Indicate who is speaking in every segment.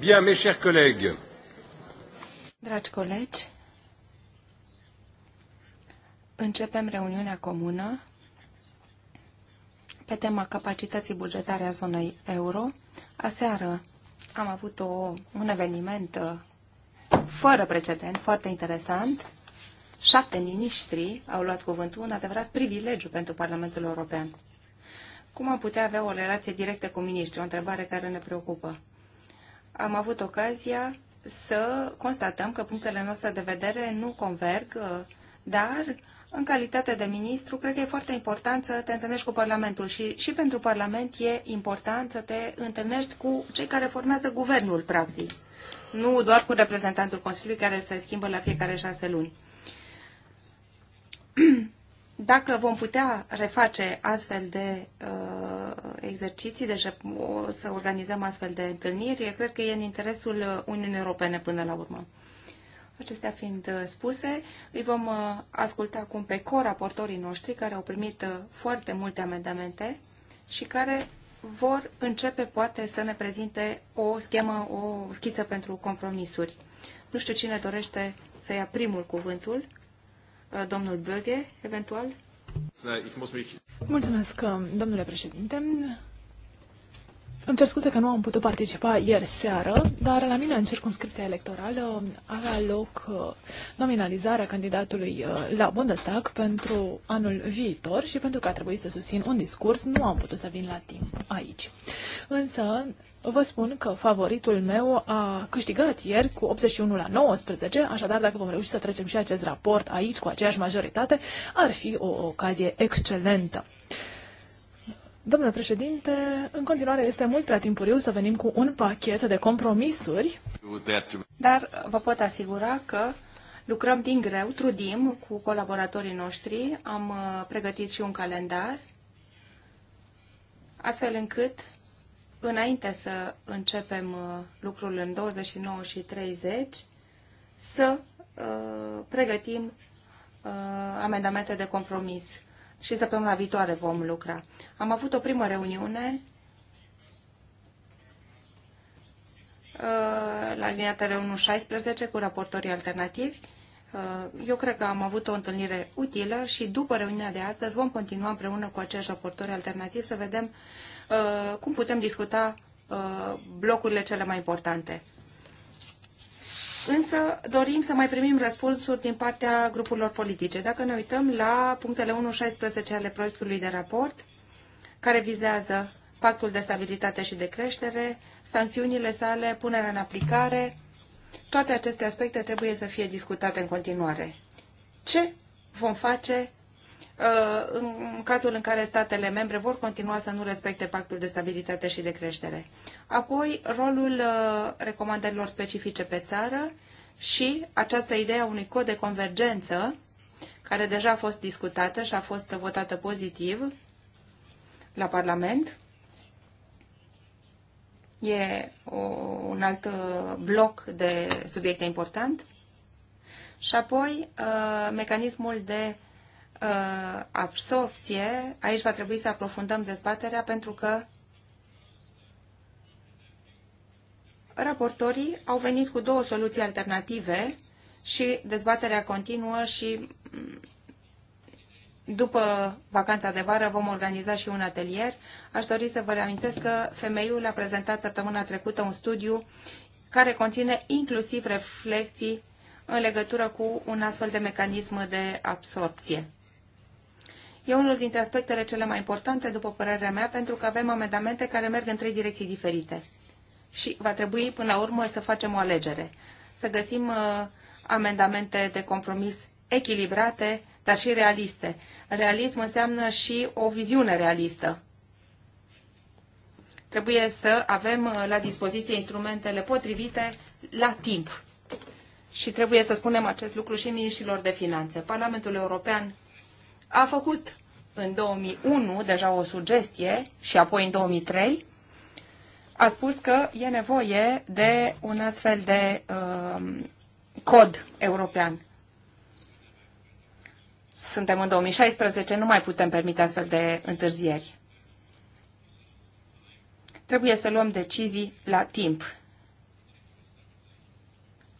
Speaker 1: Bien, mes chers collègues.
Speaker 2: Dragi colegi, începem reuniunea comună pe tema capacității bugetare a zonei euro. Aseară am avut o, un eveniment uh, fără precedent, foarte interesant. Șapte miniștri au luat cuvântul, un adevărat privilegiu pentru Parlamentul European. Cum am putea avea o relație directă cu miniștri? O întrebare care ne preocupă am avut ocazia să constatăm că punctele noastre de vedere nu converg, uh, dar în calitate de ministru, cred că e foarte important să te întâlnești cu Parlamentul și, și pentru Parlament e important să te întâlnești cu cei care formează guvernul, practic. Nu doar cu reprezentantul Consiliului care se schimbă la fiecare șase luni. Dacă vom putea reface astfel de uh, exerciții, deja deci o să organizăm astfel de întâlniri. Cred că e în interesul Uniunii Europene până la urmă. Acestea fiind uh, spuse, îi vom uh, asculta acum pe co-raportorii noștri care au primit uh, foarte multe amendamente și care vor începe poate să ne prezinte o schemă, o schiță pentru compromisuri. Nu știu cine dorește să ia
Speaker 1: primul cuvântul, domnul Böge, eventual. Mulțumesc, domnule președinte. Îmi cer scuze că nu am putut participa ieri seară, dar la mine în circunscripția electorală avea loc uh, nominalizarea candidatului uh, la Bundestag pentru anul viitor și pentru că a trebuit să susțin un discurs, nu am putut să vin la timp aici. Însă, vă spun că favoritul meu a câștigat ieri cu 81 la 19, așadar dacă vom reuși să trecem și acest raport aici cu aceeași majoritate, ar fi o ocazie excelentă. Domnule președinte, în continuare este mult prea timpuriu să venim cu un pachet de compromisuri. Dar vă pot asigura că
Speaker 2: lucrăm din greu, trudim cu colaboratorii noștri, am uh, pregătit și un calendar, astfel încât înainte să începem uh, lucrul în 29 și 30, să uh, pregătim uh, amendamente de compromis și săptămâna viitoare vom lucra. Am avut o primă reuniune la liniatele 1.16 cu raportorii alternativi Uh, eu cred că am avut o întâlnire utilă și după reuniunea de astăzi vom continua împreună cu acești raportori alternativi să vedem uh, cum putem discuta uh, blocurile cele mai importante. Însă dorim să mai primim răspunsuri din partea grupurilor politice. Dacă ne uităm la punctele 1.16 ale proiectului de raport, care vizează pactul de stabilitate și de creștere, sancțiunile sale, punerea în aplicare, toate aceste aspecte trebuie să fie discutate în continuare. Ce vom face uh, în cazul în care statele membre vor continua să nu respecte pactul de stabilitate și de creștere. Apoi, rolul uh, recomandărilor specifice pe țară și această idee a unui cod de convergență, care deja a fost discutată și a fost votată pozitiv la Parlament. E o, un alt uh, bloc de subiecte important. Și apoi, uh, mecanismul de uh, absorpție, aici va trebui să aprofundăm dezbaterea pentru că raportorii au venit cu două soluții alternative și dezbaterea continuă și mm, după vacanța de vară vom organiza și un atelier. Aș dori să vă reamintesc că femeiul a prezentat săptămâna trecută un studiu care conține inclusiv reflecții în legătură cu un astfel de mecanism de absorpție. E unul dintre aspectele cele mai importante, după părerea mea, pentru că avem amendamente care merg în trei direcții diferite. Și va trebui, până la urmă, să facem o alegere. Să găsim uh, amendamente de compromis echilibrate dar și realiste. Realism înseamnă și o viziune realistă. Trebuie să avem uh, la dispoziție instrumentele potrivite la timp. Și trebuie să spunem acest lucru și miniștrilor de finanțe. Parlamentul European a făcut în 2001 deja o sugestie și apoi în 2003 a spus că e nevoie de un astfel de uh, cod european suntem în 2016, nu mai putem permite astfel de întârzieri. Trebuie să luăm decizii la timp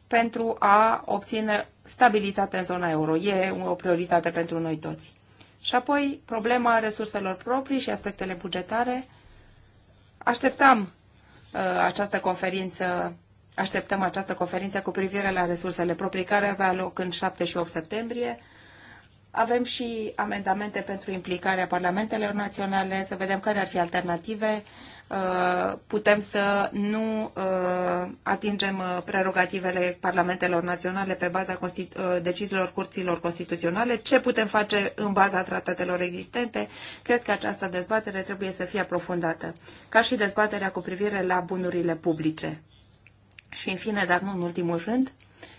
Speaker 2: pentru a obține stabilitate în zona euro. E o prioritate pentru noi toți. Și apoi problema resurselor proprii și aspectele bugetare. Așteptam uh, această conferință Așteptăm această conferință cu privire la resursele proprii care avea loc în 7 și 8 septembrie. Avem și amendamente pentru implicarea parlamentelor naționale, să vedem care ar fi alternative. Uh, putem să nu uh, atingem uh, prerogativele parlamentelor naționale pe baza deciziilor curților constituționale. Ce putem face în baza tratatelor existente? Cred că această dezbatere trebuie să fie aprofundată, ca și dezbaterea cu privire la bunurile publice. Și în fine, dar nu în ultimul rând,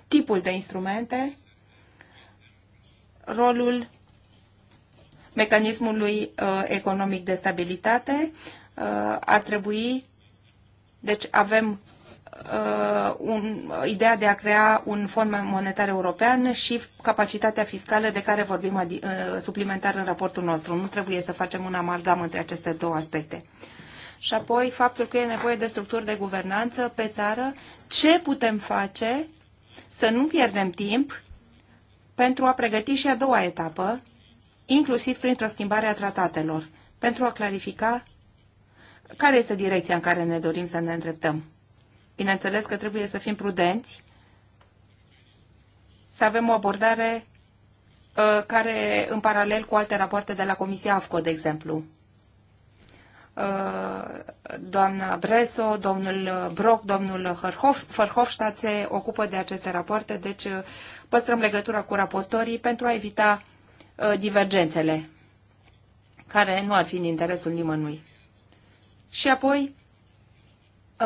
Speaker 2: tipul de instrumente rolul mecanismului uh, economic de stabilitate. Uh, ar trebui, deci avem uh, un, ideea de a crea un fond monetar european și capacitatea fiscală de care vorbim adi, suplimentar în raportul nostru. Nu trebuie să facem un amalgam între aceste două aspecte. Și apoi faptul că e nevoie de structuri de guvernanță pe țară, ce putem face să nu pierdem timp pentru a pregăti și a doua etapă, inclusiv printr-o schimbare a tratatelor, pentru a clarifica care este direcția în care ne dorim să ne îndreptăm. Bineînțeles că trebuie să fim prudenți, să avem o abordare uh, care în paralel cu alte rapoarte de la Comisia AFCO, de exemplu, Uh, doamna Breso, domnul Brock, domnul Verhofstadt se ocupă de aceste rapoarte, deci uh, păstrăm legătura cu raportorii pentru a evita uh, divergențele, care nu ar fi în interesul nimănui. Și apoi,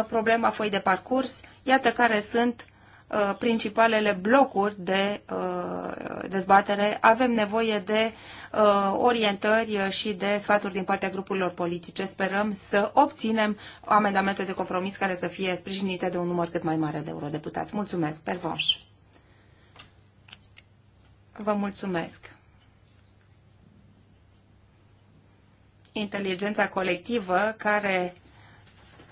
Speaker 2: problema foi de parcurs, iată care sunt Uh, principalele blocuri de uh, dezbatere, avem nevoie de uh, orientări și de sfaturi din partea grupurilor politice. Sperăm să obținem amendamente de compromis care să fie sprijinite de un număr cât mai mare de eurodeputați. Mulțumesc, Pervanș. Vă mulțumesc. Inteligența colectivă care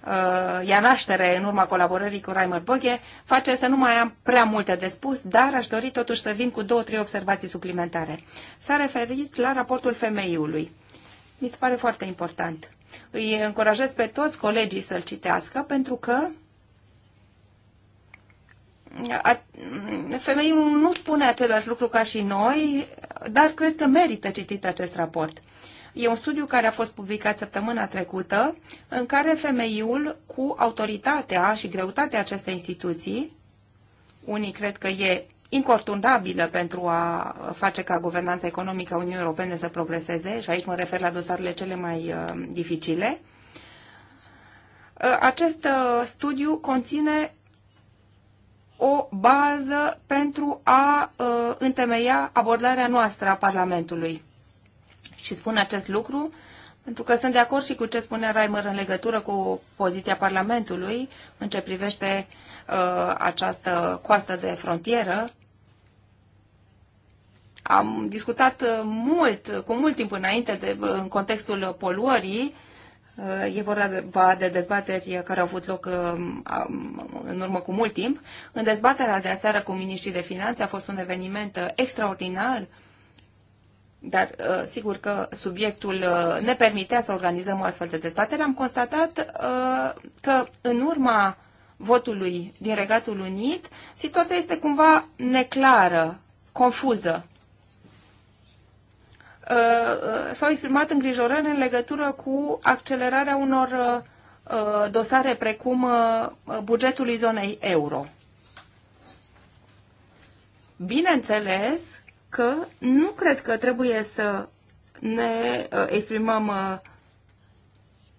Speaker 2: Uh, ia naștere în urma colaborării cu Raimer Boghe, face să nu mai am prea multe de spus, dar aș dori totuși să vin cu două, trei observații suplimentare. S-a referit la raportul femeiului. Mi se pare foarte important. Îi încurajez pe toți colegii să-l citească, pentru că femeiul nu spune același lucru ca și noi, dar cred că merită citit acest raport. E un studiu care a fost publicat săptămâna trecută, în care femeiul, cu autoritatea și greutatea acestei instituții, unii cred că e incortundabilă pentru a face ca guvernanța economică a Uniunii Europene să progreseze, și aici mă refer la dosarele cele mai uh, dificile. Uh, acest uh, studiu conține o bază pentru a uh, întemeia abordarea noastră a Parlamentului și spun acest lucru pentru că sunt de acord și cu ce spune Reimer în legătură cu poziția Parlamentului în ce privește uh, această coastă de frontieră. Am discutat uh, mult, cu mult timp înainte, de, uh, în contextul poluării. Uh, e vorba de dezbateri care au avut loc în urmă cu mult timp. În dezbaterea de aseară cu miniștrii de finanțe a fost un eveniment extraordinar uh, dar uh, sigur că subiectul uh, ne permitea să organizăm o astfel de dezbatere. Am constatat uh, că în urma votului din Regatul Unit, situația este cumva neclară, confuză. S-au exprimat îngrijorări în legătură cu accelerarea unor dosare precum bugetului zonei euro. Bineînțeles că nu cred că trebuie să ne uh, exprimăm uh,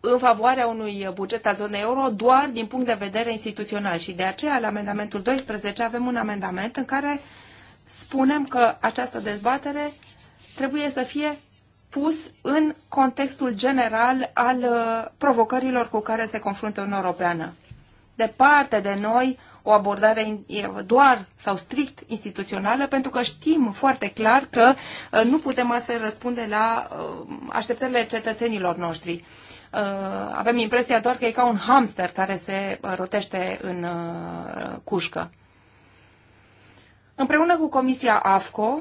Speaker 2: în favoarea unui buget al zonei euro doar din punct de vedere instituțional și de aceea la amendamentul 12 avem un amendament în care spunem că această dezbatere trebuie să fie pus în contextul general al uh, provocărilor cu care se confruntă Uniunea Europeană. Departe de noi o abordare doar sau strict instituțională, pentru că știm foarte clar că uh, nu putem astfel răspunde la uh, așteptările cetățenilor noștri. Uh, avem impresia doar că e ca un hamster care se rotește în cușcă. Împreună cu Comisia AFCO,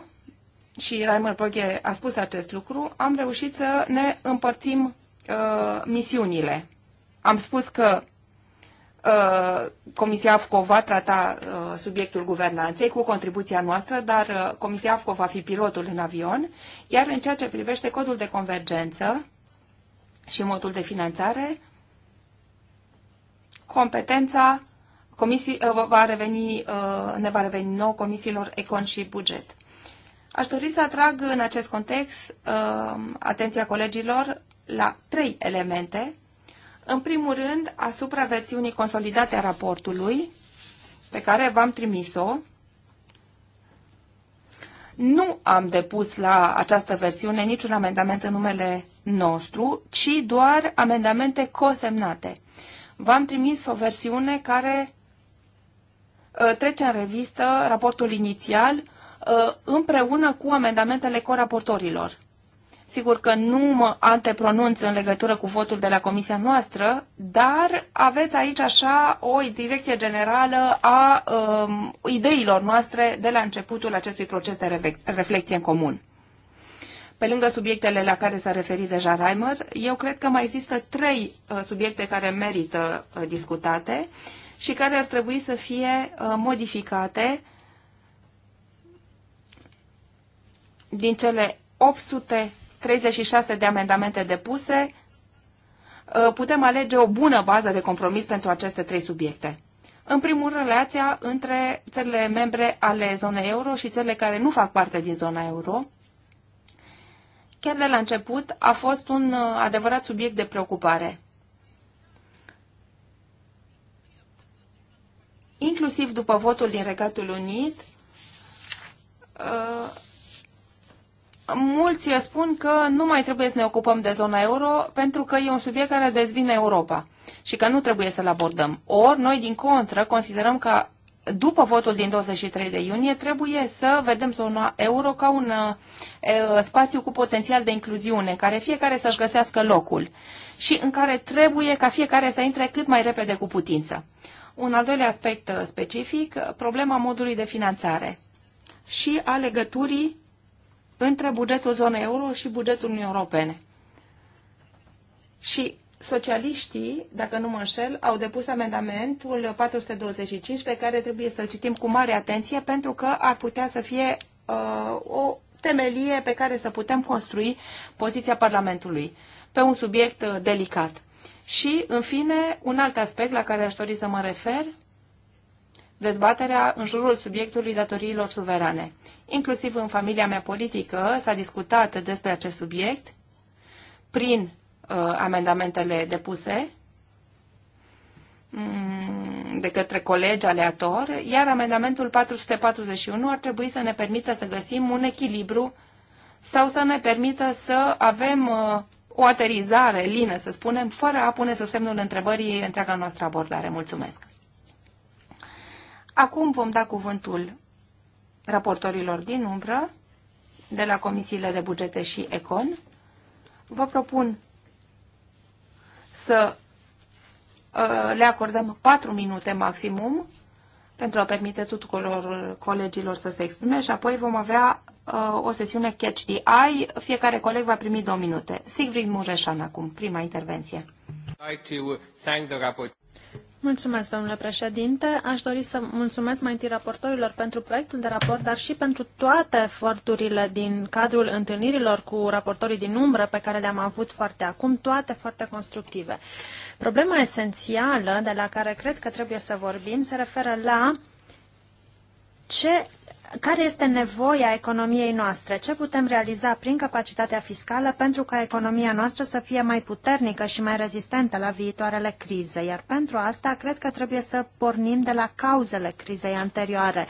Speaker 2: și Raimer Poghe a spus acest lucru, am reușit să ne împărțim uh, misiunile. Am spus că Uh, Comisia AFCO va trata uh, subiectul guvernanței cu contribuția noastră, dar uh, Comisia AFCO va fi pilotul în avion, iar în ceea ce privește codul de convergență și modul de finanțare, competența comisii, va reveni, ne va reveni nou comisiilor Econ și Buget. Aș dori să atrag în acest context atenția colegilor la trei elemente în primul rând, asupra versiunii consolidate a raportului, pe care v-am trimis-o, nu am depus la această versiune niciun amendament în numele nostru, ci doar amendamente cosemnate. V-am trimis o versiune care ă, trece în revistă raportul inițial ă, împreună cu amendamentele coraportorilor. Sigur că nu mă antepronunț în legătură cu votul de la comisia noastră, dar aveți aici așa o direcție generală a um, ideilor noastre de la începutul acestui proces de reflecție în comun. Pe lângă subiectele la care s-a referit deja Reimer, eu cred că mai există trei uh, subiecte care merită uh, discutate și care ar trebui să fie uh, modificate din cele 800 36 de amendamente depuse, uh, putem alege o bună bază de compromis pentru aceste trei subiecte. În primul rând, relația între țările membre ale zonei euro și țările care nu fac parte din zona euro. Chiar de la început a fost un uh, adevărat subiect de preocupare. Inclusiv după votul din Regatul Unit, uh, mulți spun că nu mai trebuie să ne ocupăm de zona euro pentru că e un subiect care dezvine Europa și că nu trebuie să-l abordăm. Ori noi, din contră, considerăm că după votul din 23 de iunie, trebuie să vedem zona euro ca un uh, e, spațiu cu potențial de incluziune, în care fiecare să-și găsească locul și în care trebuie ca fiecare să intre cât mai repede cu putință. Un al doilea aspect uh, specific, uh, problema modului de finanțare și a legăturii între bugetul zonei euro și bugetul Uniunii Europene. Și socialiștii, dacă nu mă înșel, au depus amendamentul 425 pe care trebuie să-l citim cu mare atenție pentru că ar putea să fie uh, o temelie pe care să putem construi poziția Parlamentului pe un subiect uh, delicat. Și, în fine, un alt aspect la care aș dori să mă refer dezbaterea în jurul subiectului datoriilor suverane. Inclusiv în familia mea politică s-a discutat despre acest subiect prin uh, amendamentele depuse mm, de către colegi aleator, iar amendamentul 441 ar trebui să ne permită să găsim un echilibru sau să ne permită să avem uh, o aterizare lină, să spunem, fără a pune sub semnul întrebării întreaga noastră abordare. Mulțumesc! Acum vom da cuvântul raportorilor din umbră, de la Comisiile de Bugete și Econ. Vă propun să uh, le acordăm 4 minute maximum pentru a permite tuturor colegilor să se exprime și apoi vom avea uh, o sesiune Catch the Eye. Fiecare coleg va primi două minute. Sigrid Mureșan acum, prima intervenție. Mulțumesc, domnule
Speaker 3: președinte. Aș dori să mulțumesc mai întâi raportorilor pentru proiectul de raport, dar și pentru toate eforturile din cadrul întâlnirilor cu raportorii din umbră pe care le-am avut foarte acum, toate foarte constructive. Problema esențială de la care cred că trebuie să vorbim se referă la ce care este nevoia economiei noastre, ce putem realiza prin capacitatea fiscală pentru ca economia noastră să fie mai puternică și mai rezistentă la viitoarele crize. Iar pentru asta, cred că trebuie să pornim de la cauzele crizei anterioare.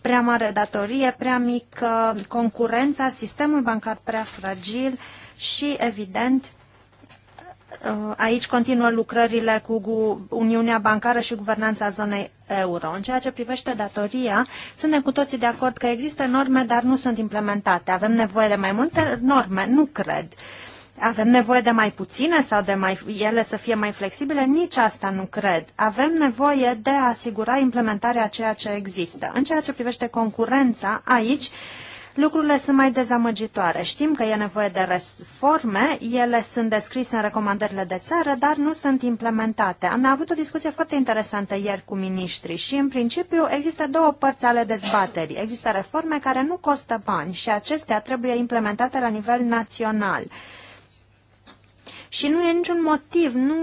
Speaker 3: Prea mare datorie, prea mică concurența, sistemul bancar prea fragil și, evident, Uh, aici continuă lucrările cu Uniunea Bancară și Guvernanța Zonei Euro. În ceea ce privește datoria, suntem cu toții de acord că există norme, dar nu sunt implementate. Avem nevoie de mai multe norme? Nu cred. Avem nevoie de mai puține sau de mai, ele să fie mai flexibile? Nici asta nu cred. Avem nevoie de a asigura implementarea ceea ce există. În ceea ce privește concurența, aici uh, lucrurile sunt mai dezamăgitoare. Știm că e nevoie de reforme, ele sunt descrise în recomandările de țară, dar nu sunt implementate. Am avut o discuție foarte interesantă ieri cu miniștri și, în principiu, există două părți ale dezbaterii. Există reforme care nu costă bani și acestea trebuie implementate la nivel național. Și nu e niciun motiv, nu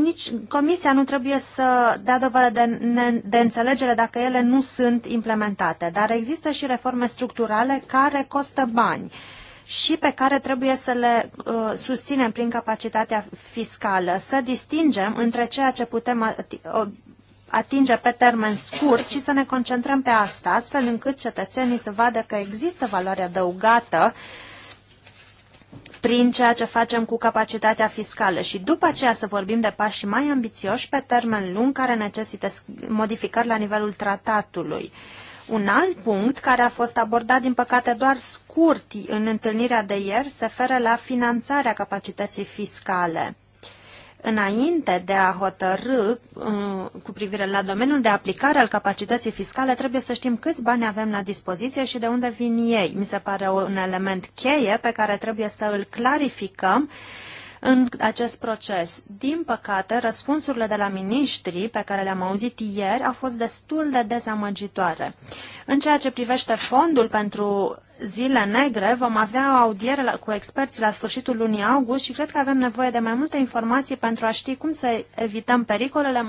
Speaker 3: nici Comisia nu trebuie să dea dovadă de, de înțelegere dacă ele nu sunt implementate, dar există și reforme structurale care costă bani și pe care trebuie să le uh, susținem prin capacitatea fiscală, să distingem între ceea ce putem atinge pe termen scurt și să ne concentrăm pe asta, astfel încât cetățenii să vadă că există valoare adăugată uh, prin ceea ce facem cu capacitatea fiscală și după aceea să vorbim de pași mai ambițioși pe termen lung care necesită modificări la nivelul tratatului. Un alt punct care a fost abordat, din păcate, doar scurt în întâlnirea de ieri se referă la finanțarea capacității fiscale. Înainte de a hotărâ uh, cu privire la domeniul de aplicare al capacității fiscale, trebuie să știm câți bani avem la dispoziție și de unde vin ei. Mi se pare un element cheie pe care trebuie să îl clarificăm în acest proces. Din păcate, răspunsurile de la miniștri pe care le-am auzit ieri au fost destul de dezamăgitoare. În ceea ce privește fondul pentru zile negre, vom avea o audiere cu experți la sfârșitul lunii august și cred că avem nevoie de mai multe informații pentru a ști cum să evităm pericolele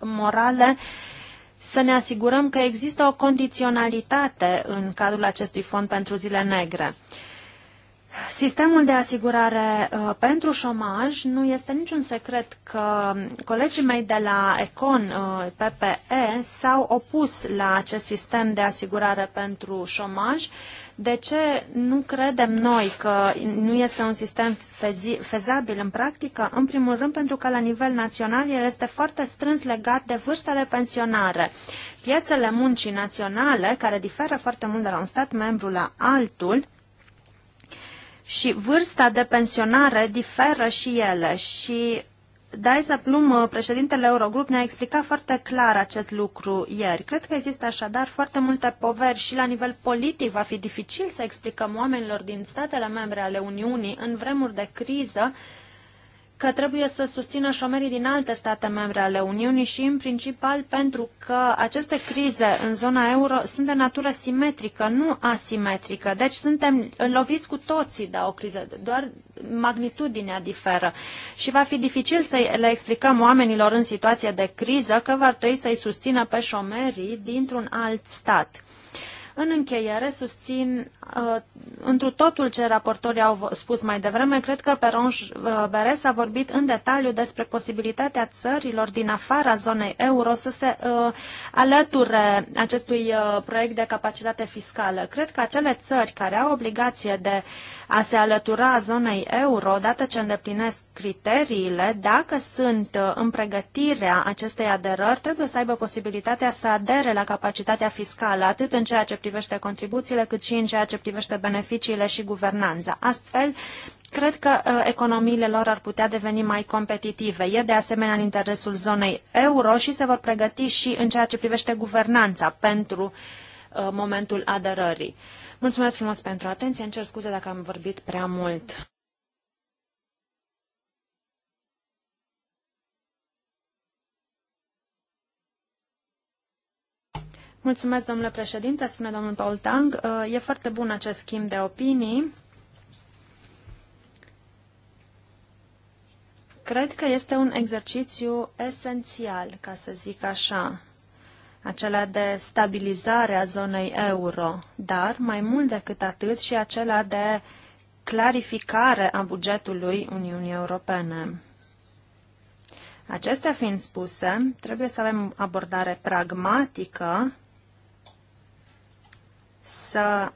Speaker 3: morale să ne asigurăm că există o condiționalitate în cadrul acestui fond pentru zile negre. Sistemul de asigurare uh, pentru șomaj nu este niciun secret că colegii mei de la Econ uh, PPE s-au opus la acest sistem de asigurare pentru șomaj. De ce nu credem noi că nu este un sistem fezi, fezabil în practică? În primul rând pentru că la nivel național el este foarte strâns legat de vârsta de pensionare. Piețele muncii naționale, care diferă foarte mult de la un stat membru la altul, și vârsta de pensionare diferă și ele și Daisa Plum, președintele Eurogrup, ne-a explicat foarte clar acest lucru ieri. Cred că există așadar foarte multe poveri și la nivel politic va fi dificil să explicăm oamenilor din statele membre ale Uniunii în vremuri de criză că trebuie să susțină șomerii din alte state membre ale Uniunii și, în principal, pentru că aceste crize în zona euro sunt de natură simetrică, nu asimetrică. Deci suntem loviți cu toții de o criză, doar magnitudinea diferă. Și va fi dificil să le explicăm oamenilor în situație de criză că va trebui să-i susțină pe șomerii dintr-un alt stat. În încheiere, susțin uh, întru totul ce raportorii au spus mai devreme. Cred că Peronș uh, Beres a vorbit în detaliu despre posibilitatea țărilor din afara zonei euro să se uh, alăture acestui uh, proiect de capacitate fiscală. Cred că acele țări care au obligație de a se alătura zonei euro, odată ce îndeplinesc criteriile, dacă sunt uh, în pregătirea acestei aderări, trebuie să aibă posibilitatea să adere la capacitatea fiscală, atât în ceea ce privește contribuțiile, cât și în ceea ce privește beneficiile și guvernanța. Astfel, cred că uh, economiile lor ar putea deveni mai competitive. E de asemenea în interesul zonei euro și se vor pregăti și în ceea ce privește guvernanța pentru uh, momentul aderării. Mulțumesc frumos pentru atenție. Îmi cer scuze dacă am vorbit prea mult. Mulțumesc, domnule președinte, spune domnul Paul Tang. Uh, e foarte bun acest schimb de opinii. Cred că este un exercițiu esențial, ca să zic așa, acela de stabilizare a zonei euro, dar mai mult decât atât și acela de clarificare a bugetului Uniunii Europene. Acestea fiind spuse, trebuie să avem abordare pragmatică să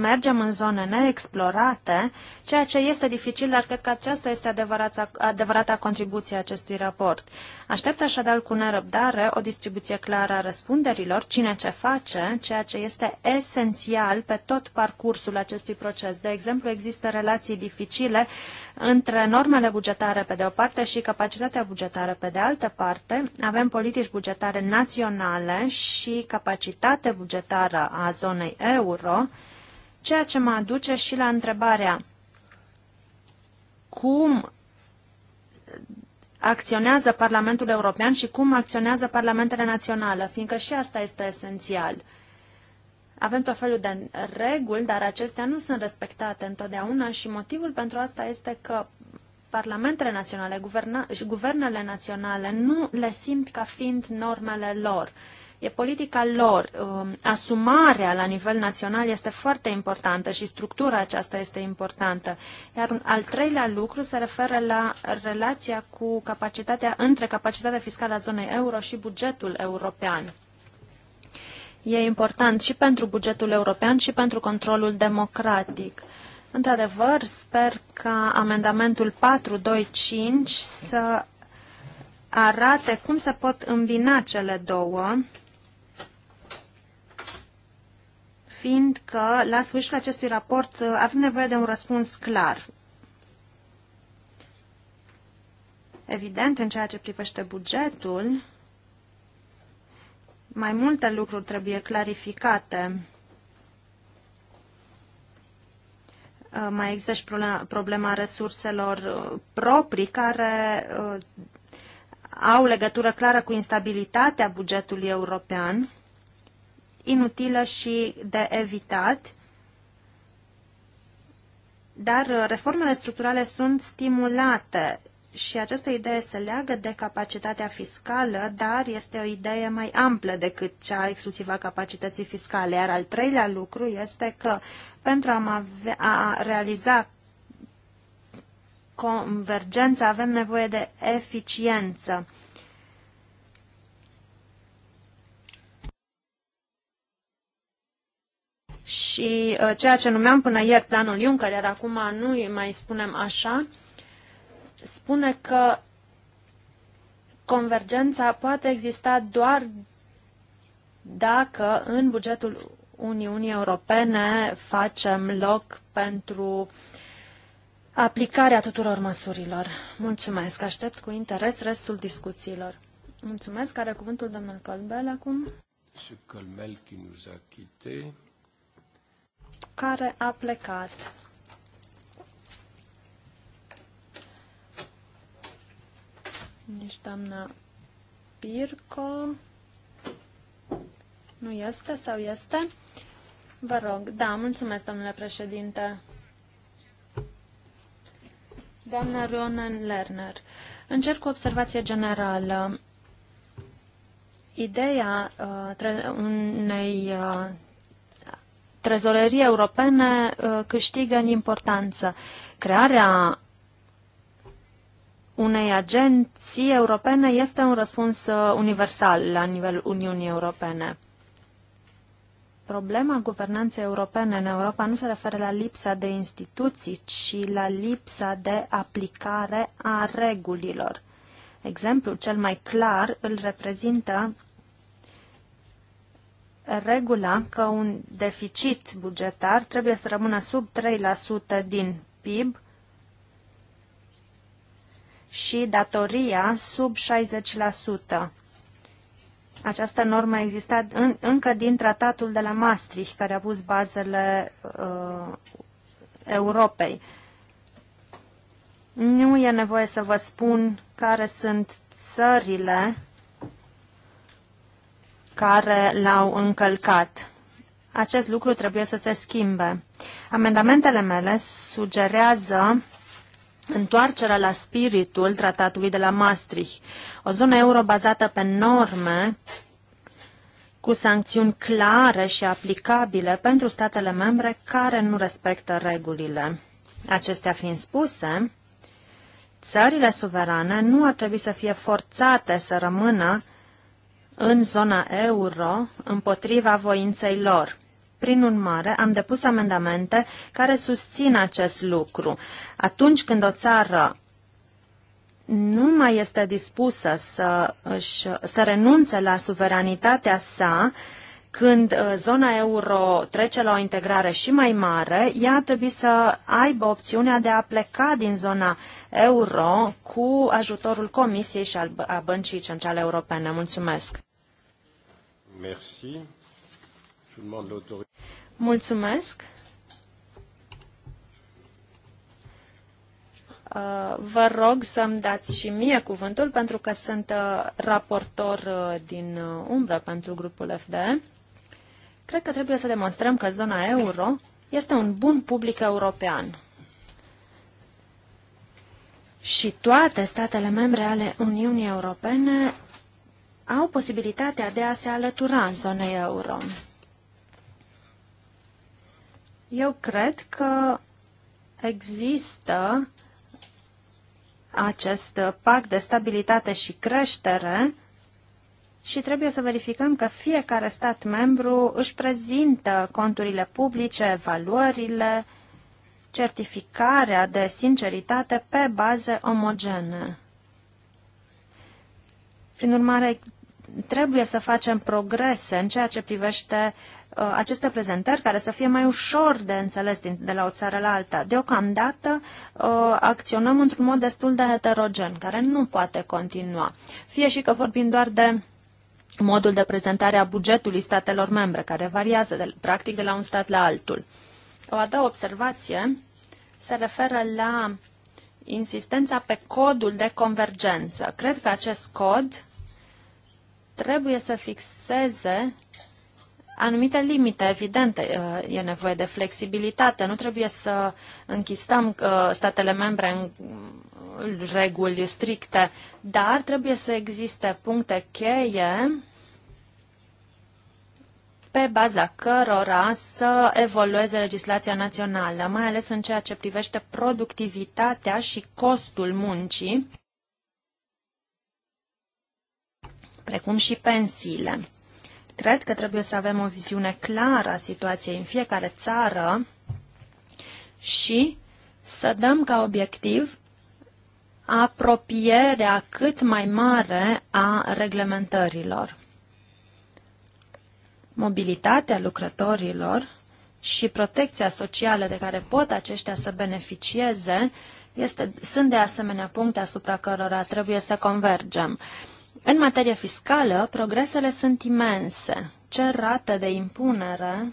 Speaker 3: mergem în zone neexplorate, ceea ce este dificil, dar cred că aceasta este adevărata, adevărata contribuție a acestui raport. Aștept așadar cu nerăbdare o distribuție clară a răspunderilor, cine ce face, ceea ce este esențial pe tot parcursul acestui proces. De exemplu, există relații dificile între normele bugetare pe de o parte și capacitatea bugetară pe de altă parte. Avem politici bugetare naționale și capacitate bugetară a zonei euro, Ceea ce mă aduce și la întrebarea cum acționează Parlamentul European și cum acționează Parlamentele Naționale, fiindcă și asta este esențial. Avem tot felul de reguli, dar acestea nu sunt respectate întotdeauna și motivul pentru asta este că parlamentele naționale și guvernele naționale nu le simt ca fiind normele lor. Uh, E politica lor. Um, asumarea la nivel național este foarte importantă și structura aceasta este importantă. Iar un al treilea lucru se referă la relația cu capacitatea, între capacitatea fiscală a zonei euro și bugetul european. E important și pentru bugetul european și pentru controlul democratic. Într-adevăr, sper ca amendamentul 425 să arate cum se pot îmbina cele două fiind că la sfârșitul acestui raport uh, avem nevoie de un răspuns clar. Evident, în ceea ce privește bugetul, mai multe lucruri trebuie clarificate. Uh, mai există și problema resurselor uh, proprii care au legătură clară cu instabilitatea bugetului european inutilă și de evitat. Dar uh, reformele structurale sunt stimulate și această idee se leagă de capacitatea fiscală, dar este o idee mai amplă decât cea exclusivă a capacității fiscale. Iar al treilea lucru este că pentru a, avea, a realiza convergență avem nevoie de eficiență. și uh, ceea ce numeam până ieri planul Juncker, iar acum nu îi mai spunem așa, spune că convergența poate exista doar dacă în bugetul Uniunii Europene facem loc pentru aplicarea tuturor măsurilor. Mulțumesc. Aștept cu interes restul discuțiilor. Mulțumesc. Are cuvântul domnul Colbel acum.
Speaker 1: Colbel, qui nous a quittés
Speaker 3: care a plecat. Nici doamna Pirco nu este sau este? Vă rog. Da, mulțumesc, domnule președinte. Doamna Ronan Lerner, încerc cu observație generală. Ideea uh, unei uh, trezorerii europene uh, câștigă în importanță. Crearea unei agenții europene este un răspuns uh, universal la nivelul Uniunii Europene. Problema guvernanței europene în Europa nu se referă la lipsa de instituții, ci la lipsa de aplicare a regulilor. Exemplul cel mai clar îl reprezintă regula că un deficit bugetar trebuie să rămână sub 3% din PIB și datoria sub 60%. Această normă existat în, încă din tratatul de la Maastricht, care a pus bazele uh, Europei. Nu e nevoie să vă spun care sunt țările care l-au încălcat. Acest lucru trebuie să se schimbe. Amendamentele mele sugerează întoarcerea la spiritul tratatului de la Maastricht, o zonă euro bazată pe norme cu sancțiuni clare și aplicabile pentru statele membre care nu respectă regulile. Acestea fiind spuse, țările suverane nu ar trebui să fie forțate să rămână în zona euro împotriva voinței lor. Prin urmare, am depus amendamente care susțin acest lucru. Atunci când o țară nu mai este dispusă să, își, să renunțe la suveranitatea sa, uh, când uh, zona euro trece la o integrare și mai mare, ea trebuie să aibă opțiunea de a pleca din zona euro cu ajutorul Comisiei și a Băncii Centrale Europene. Mulțumesc!
Speaker 1: Merci.
Speaker 3: Mulțumesc! Uh, vă rog să-mi dați și mie cuvântul, pentru că sunt uh, raportor din umbră pentru grupul FDE. Cred că trebuie să demonstrăm că zona euro este un bun public european. Și toate statele membre ale Uniunii Europene au posibilitatea de a se alătura în zonei euro. Eu cred că există acest pact de stabilitate și creștere și trebuie să verificăm că fiecare stat membru își prezintă conturile publice, valorile, certificarea de sinceritate pe baze omogene. Prin urmare, trebuie să facem progrese în ceea ce privește uh, aceste prezentări care să fie mai ușor de înțeles din, de la o țară la alta. Deocamdată uh, acționăm într-un mod destul de heterogen, care nu poate continua. Fie și că vorbim doar de modul de prezentare a bugetului statelor membre, care variază de, practic de la un stat la altul. O a doua observație se referă la insistența pe codul de convergență. Cred că acest cod trebuie să fixeze anumite limite, evidente, uh, e nevoie de flexibilitate, nu trebuie să închistăm uh, statele membre în reguli stricte, dar trebuie să existe puncte cheie pe baza cărora să evolueze legislația națională, mai ales în ceea ce privește productivitatea și costul muncii, precum și pensiile. Cred că trebuie să avem o viziune clară a situației în fiecare țară și să dăm ca obiectiv apropierea cât mai mare a reglementărilor. Mobilitatea lucrătorilor și protecția socială de care pot aceștia să beneficieze este, sunt de asemenea puncte asupra cărora trebuie să convergem. În materie fiscală, progresele sunt imense. Ce rată de impunere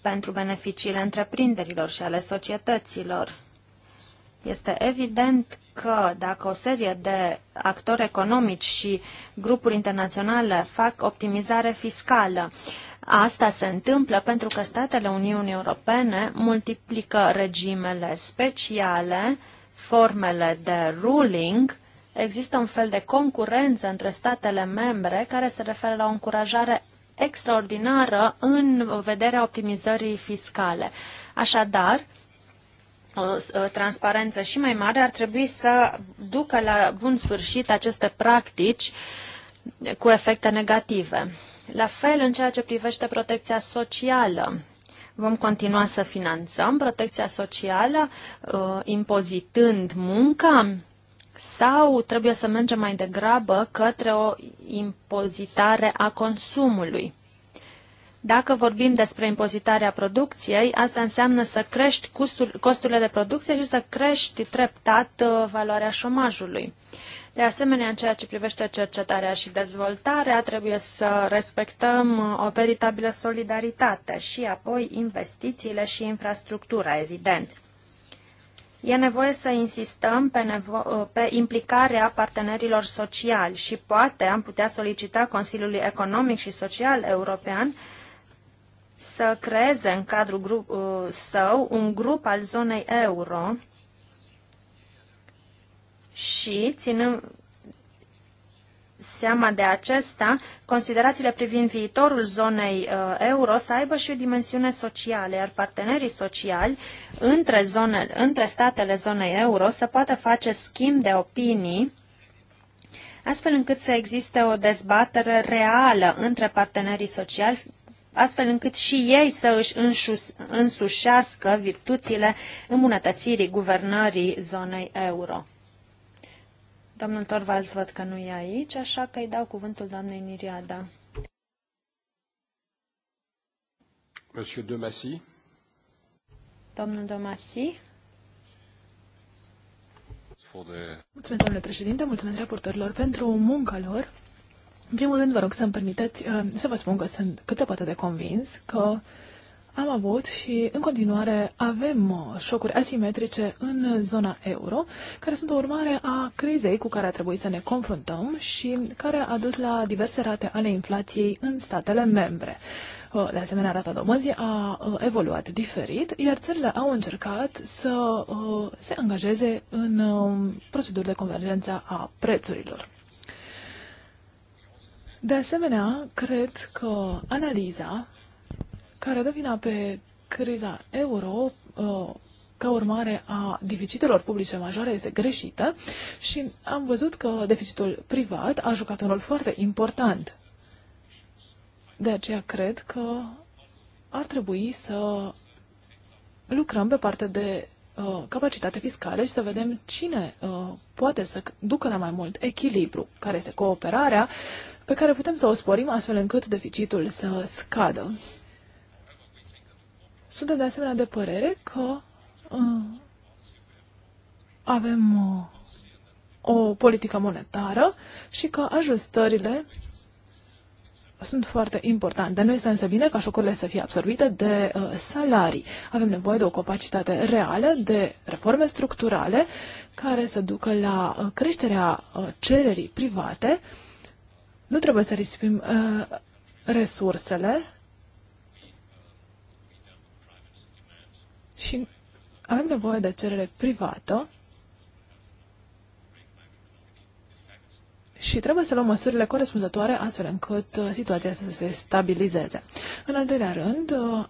Speaker 3: pentru beneficiile întreprinderilor și ale societăților? Este evident că dacă o serie de actori economici și grupuri internaționale fac optimizare fiscală, Asta se întâmplă pentru că statele Uniunii Europene multiplică regimele speciale, formele de ruling, există un fel de concurență între statele membre care se referă la o încurajare extraordinară în vederea optimizării fiscale. Așadar, transparență și mai mare ar trebui să ducă la bun sfârșit aceste practici cu efecte negative. La fel, în ceea ce privește protecția socială, vom continua să finanțăm protecția socială impozitând munca sau trebuie să mergem mai degrabă către o impozitare a consumului. Dacă vorbim despre impozitarea producției, asta înseamnă să crești costurile de producție și să crești treptat uh, valoarea șomajului. De asemenea, în ceea ce privește cercetarea și dezvoltarea, trebuie să respectăm uh, o veritabilă solidaritate și apoi investițiile și infrastructura, evident. E nevoie să insistăm pe, nevo- uh, pe implicarea partenerilor sociali și poate am putea solicita Consiliului Economic și Social European să creeze în cadrul grup, uh, său un grup al zonei euro și, ținând seama de acesta, considerațiile privind viitorul zonei uh, euro să aibă și o dimensiune socială, iar partenerii sociali între, zone, între statele zonei euro să poată face schimb de opinii astfel încât să existe o dezbatere reală între partenerii sociali, astfel încât și ei să își însușească virtuțile îmbunătățirii guvernării zonei euro. Domnul Torvalds văd că nu e aici, așa că îi dau cuvântul doamnei Niriada.
Speaker 1: Monsieur de Massy.
Speaker 3: Domnul de Massy.
Speaker 1: Mulțumesc, domnule președinte, mulțumesc raportorilor pentru munca lor. În primul rând, vă rog să-mi permiteți uh, să vă spun că sunt cât se poate de convins că am avut și în continuare avem uh, șocuri asimetrice în zona euro, care sunt o urmare a crizei cu care a trebuit să ne confruntăm și care a dus la diverse rate ale inflației în statele membre. Uh, de asemenea, rata domăzii a evoluat diferit, iar țările au încercat să se angajeze în um, proceduri de convergență a prețurilor. De asemenea, cred că analiza care dă vina pe criza euro uh, ca urmare a deficitelor publice majore este greșită și am văzut că deficitul privat a jucat un rol foarte important. De aceea cred că ar trebui să lucrăm pe partea de uh, capacitate fiscală și să vedem cine uh, poate să ducă la mai mult echilibru, care este cooperarea, uh, pe care putem să o sporim astfel încât deficitul să scadă. Suntem de asemenea de părere că uh, avem uh, o politică monetară și că ajustările sunt foarte importante. Nu este însă bine ca șocurile să fie absorbite de uh, salarii. Avem nevoie de o capacitate reală, de reforme structurale care să ducă la uh, creșterea uh, cererii private uh, nu trebuie să risipim uh, resursele și avem nevoie de cerere privată și trebuie să luăm măsurile corespunzătoare astfel încât uh, situația să se stabilizeze. În al doilea rând, uh,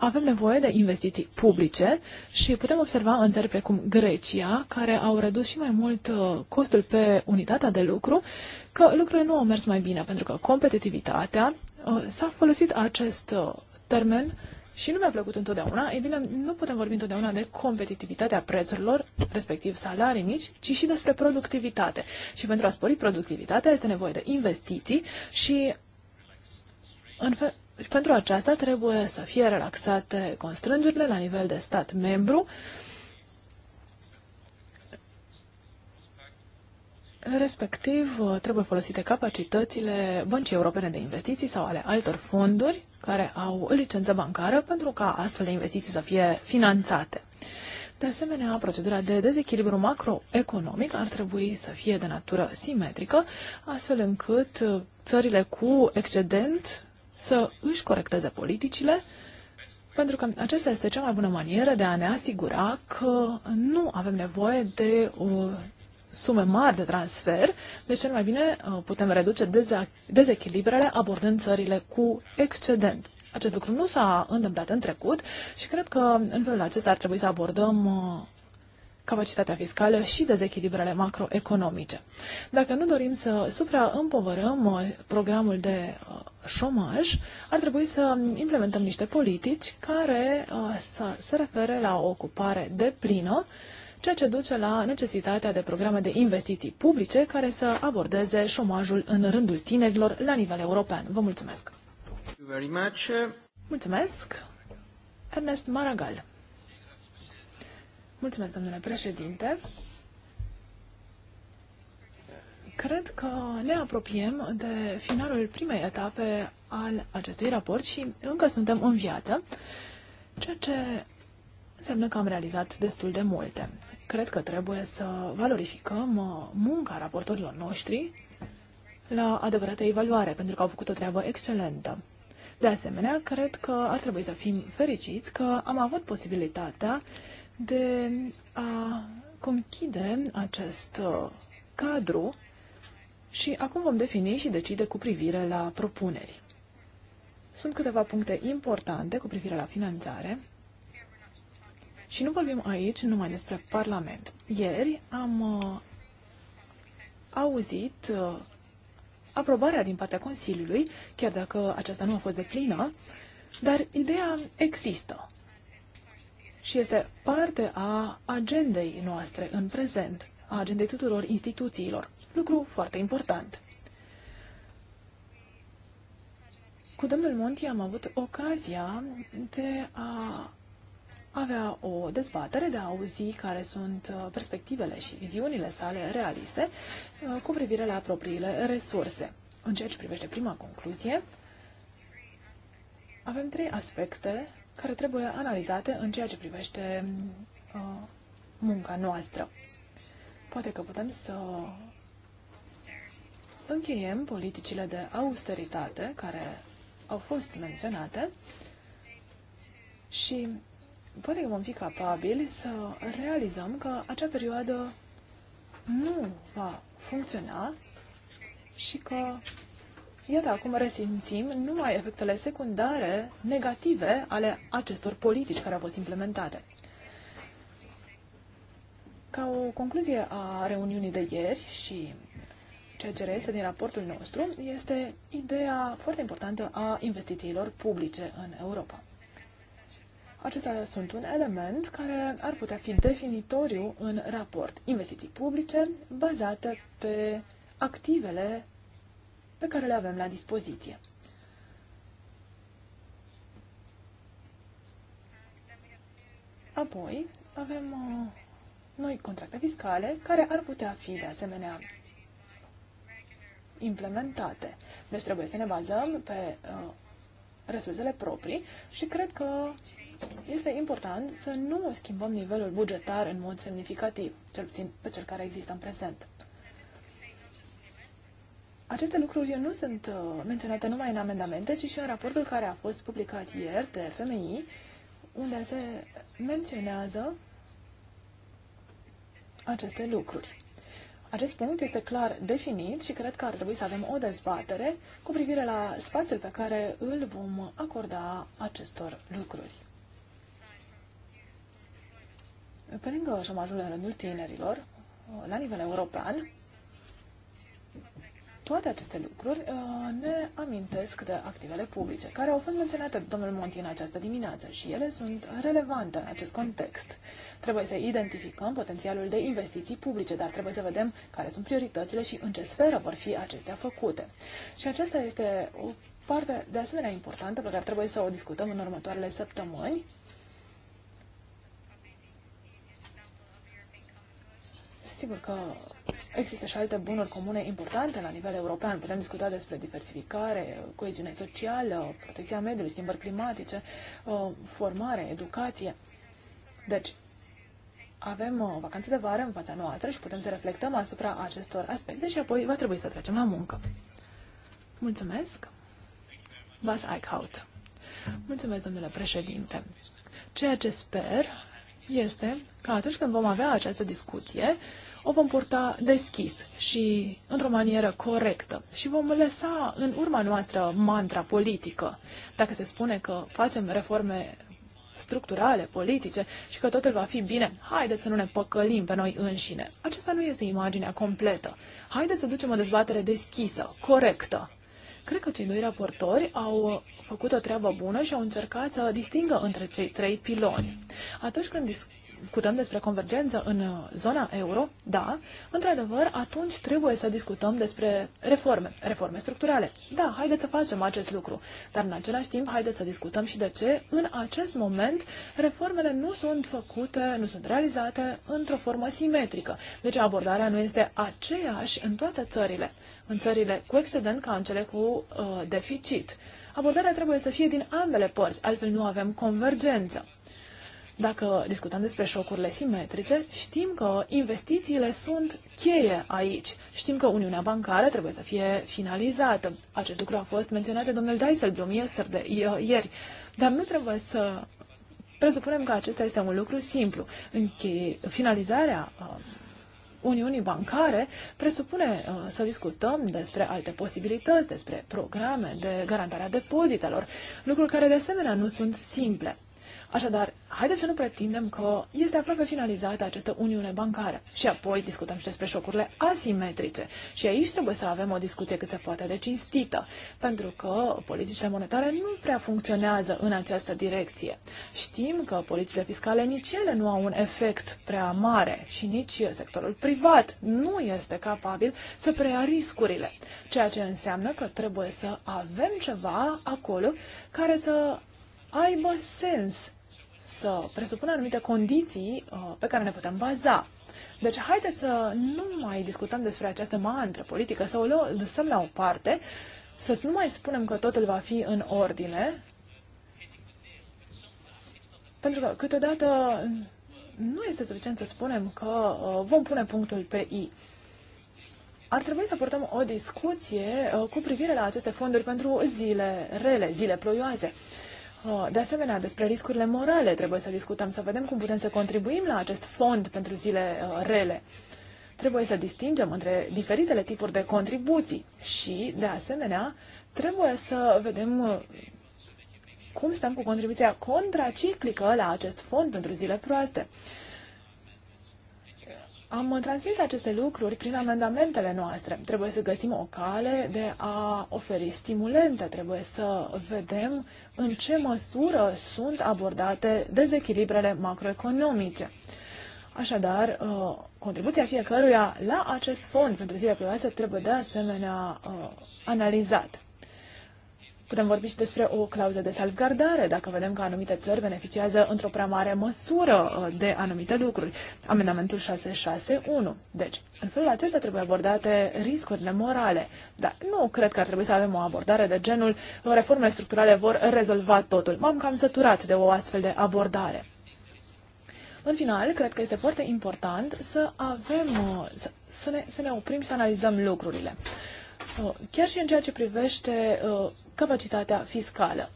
Speaker 1: avem nevoie de investiții publice și putem observa în țări precum Grecia, care au redus și mai mult uh, costul pe unitatea de lucru, că lucrurile nu au mers mai bine, pentru că competitivitatea uh, s-a folosit acest uh, termen și nu mi-a plăcut întotdeauna, e bine, nu putem vorbi întotdeauna de competitivitatea prețurilor, respectiv salarii mici, ci și despre productivitate. Și pentru a spori productivitatea este nevoie de investiții și în fel, și pentru aceasta trebuie să fie relaxate constrângerile la nivel de stat membru, Respectiv, trebuie folosite capacitățile Băncii Europene de Investiții sau ale altor fonduri care au licență bancară pentru ca astfel de investiții să fie finanțate. De asemenea, procedura de dezechilibru macroeconomic ar trebui să fie de natură simetrică, astfel încât țările cu excedent să își corecteze politicile, pentru că aceasta este cea mai bună manieră de a ne asigura că nu avem nevoie de o sume mari de transfer, deci cel mai bine uh, putem reduce dezechilibrele abordând țările cu excedent. Acest lucru nu s-a întâmplat în trecut și cred că în felul acesta ar trebui să abordăm uh, capacitatea fiscală și dezechilibrele macroeconomice. Dacă nu dorim să supraîmpovărăm uh, programul de uh, șomaj, ar trebui să implementăm niște politici care uh, să se refere la o ocupare de plină, ceea ce duce la necesitatea de programe de investiții publice care să abordeze șomajul în rândul tinerilor la nivel european. Vă mulțumesc! Mulțumesc! Ernest Maragall Mulțumesc, domnule președinte. Cred că ne apropiem de finalul primei etape al acestui raport și încă suntem în viață, ceea ce înseamnă că am realizat destul de multe. Cred că trebuie să valorificăm uh, munca raportorilor noștri la adevărată evaluare, pentru că au făcut o treabă excelentă. De asemenea, cred că ar trebui să fim fericiți că am avut posibilitatea de a conchide acest uh, cadru și acum vom defini și decide cu privire la propuneri. Sunt câteva puncte importante cu privire la finanțare și nu vorbim aici numai despre Parlament. Ieri am uh, auzit uh, aprobarea din partea Consiliului, chiar dacă aceasta nu a fost plină, dar ideea există și este parte a agendei noastre în prezent, a agendei tuturor instituțiilor. Lucru foarte important. Cu domnul Monti am avut ocazia de a avea o dezbatere, de a auzi care sunt uh, perspectivele și viziunile sale realiste uh, cu privire la propriile resurse. În ceea ce privește prima concluzie, avem trei aspecte care trebuie analizate în ceea ce privește uh, munca noastră. Poate că putem să încheiem politicile de austeritate care au fost menționate și poate că vom fi capabili să realizăm că acea perioadă nu va funcționa și că Iată, acum resimțim numai efectele secundare negative ale acestor politici care au fost implementate. Ca o concluzie a reuniunii de ieri și ceea ce reiese din raportul nostru este ideea foarte importantă a investițiilor publice în Europa. Acestea sunt un element care ar putea fi definitoriu în raport. Investiții publice bazate pe activele pe care le avem la dispoziție. Apoi avem uh, noi contracte fiscale care ar putea fi de asemenea implementate. Deci trebuie să ne bazăm pe uh, resursele proprii și cred că este important să nu schimbăm nivelul bugetar în mod semnificativ, cel puțin pe cel care există în prezent. Aceste lucruri nu sunt uh, menționate numai în amendamente, ci și în raportul care a fost publicat ieri de FMI, unde se menționează aceste lucruri. Acest punct este clar definit și cred că ar trebui să avem o dezbatere cu privire la spațiul pe care îl vom acorda acestor lucruri. Pe lângă șomajul în rândul tinerilor, la nivel european, toate aceste lucruri uh, ne amintesc de activele publice, care au fost menționate de domnul Monti în această dimineață și ele sunt relevante în acest context. Trebuie să identificăm potențialul de investiții publice, dar trebuie să vedem care sunt prioritățile și în ce sferă vor fi acestea făcute. Și aceasta este o parte de asemenea importantă pe care trebuie să o discutăm în următoarele săptămâni Sigur că există și alte bunuri comune importante la nivel european. Putem discuta despre diversificare, coeziune socială, protecția mediului, schimbări climatice, uh, formare, educație. Deci, avem o uh, vacanță de vară în fața noastră și putem să reflectăm asupra acestor aspecte și apoi va trebui să trecem la muncă. Mulțumesc! Vas Eichhout. Mulțumesc, domnule președinte. Ceea ce sper este că atunci când vom avea această discuție, o vom purta deschis și într-o manieră corectă și vom lăsa în urma noastră mantra politică. Dacă se spune că facem reforme structurale, politice și că totul va fi bine, haideți să nu ne păcălim pe noi înșine. Aceasta nu este imaginea completă. Haideți să ducem o dezbatere deschisă, corectă. Cred că cei doi raportori au făcut o treabă bună și au încercat să distingă între cei trei piloni. Atunci când discutăm discutăm despre convergență în uh, zona euro, da, într-adevăr, atunci trebuie să discutăm despre reforme, reforme structurale. Da, haideți să facem acest lucru, dar în același timp haideți să discutăm și de ce în acest moment reformele nu sunt făcute, nu sunt realizate într-o formă simetrică. Deci abordarea nu este aceeași în toate țările, în țările cu excedent ca în cele cu uh, deficit. Abordarea trebuie să fie din ambele părți, altfel nu avem convergență. Dacă discutăm despre șocurile simetrice, știm că investițiile sunt cheie aici. Știm că Uniunea Bancară trebuie să fie finalizată. Acest lucru a fost menționat de domnul Dijsselbloem ieri. Dar nu trebuie să presupunem că acesta este un lucru simplu. Înche- finalizarea um, Uniunii Bancare presupune uh, să discutăm despre alte posibilități, despre programe de garantare a depozitelor, lucruri care de asemenea nu sunt simple. Așadar, haideți să nu pretindem că este aproape finalizată această uniune bancară și apoi discutăm și despre șocurile asimetrice. Și aici trebuie să avem o discuție cât se poate de cinstită, pentru că politicile monetare nu prea funcționează în această direcție. Știm că politicile fiscale nici ele nu au un efect prea mare și nici sectorul privat nu este capabil să preia riscurile, ceea ce înseamnă că trebuie să avem ceva acolo care să aibă sens să presupună anumite condiții uh, pe care ne putem baza. Deci haideți să nu mai discutăm despre această mantră politică, să o lăsăm la o parte, să nu mai spunem că totul va fi în ordine, pentru că câteodată nu este suficient să spunem că uh, vom pune punctul pe I. Ar trebui să purtăm o discuție uh, cu privire la aceste fonduri pentru zile rele, zile ploioase. Uh, de asemenea, despre riscurile morale trebuie să discutăm, să vedem cum putem să contribuim la acest fond pentru zile uh, rele. Trebuie să distingem între diferitele tipuri de contribuții și, de asemenea, trebuie să vedem uh, cum stăm cu contribuția contraciclică la acest fond pentru zile proaste. Am transmis aceste lucruri prin amendamentele noastre. Trebuie să găsim o cale de a oferi stimulente. Trebuie să vedem în ce măsură sunt abordate dezechilibrele macroeconomice. Așadar, uh, contribuția fiecăruia la acest fond pentru zile pluvioase trebuie de asemenea uh, analizat. Putem vorbi și despre o clauză de salvgardare, dacă vedem că anumite țări beneficiază într-o prea mare măsură uh, de anumite lucruri. Amendamentul 661. Deci, în felul acesta trebuie abordate riscurile morale, dar nu cred că ar trebui să avem o abordare de genul uh, reformele structurale vor rezolva totul. M-am cam săturat de o astfel de abordare. În final, cred că este foarte important să avem, uh, să ne, să ne oprim și să analizăm lucrurile. Uh, chiar și în ceea ce privește uh, capacitatea fiscală.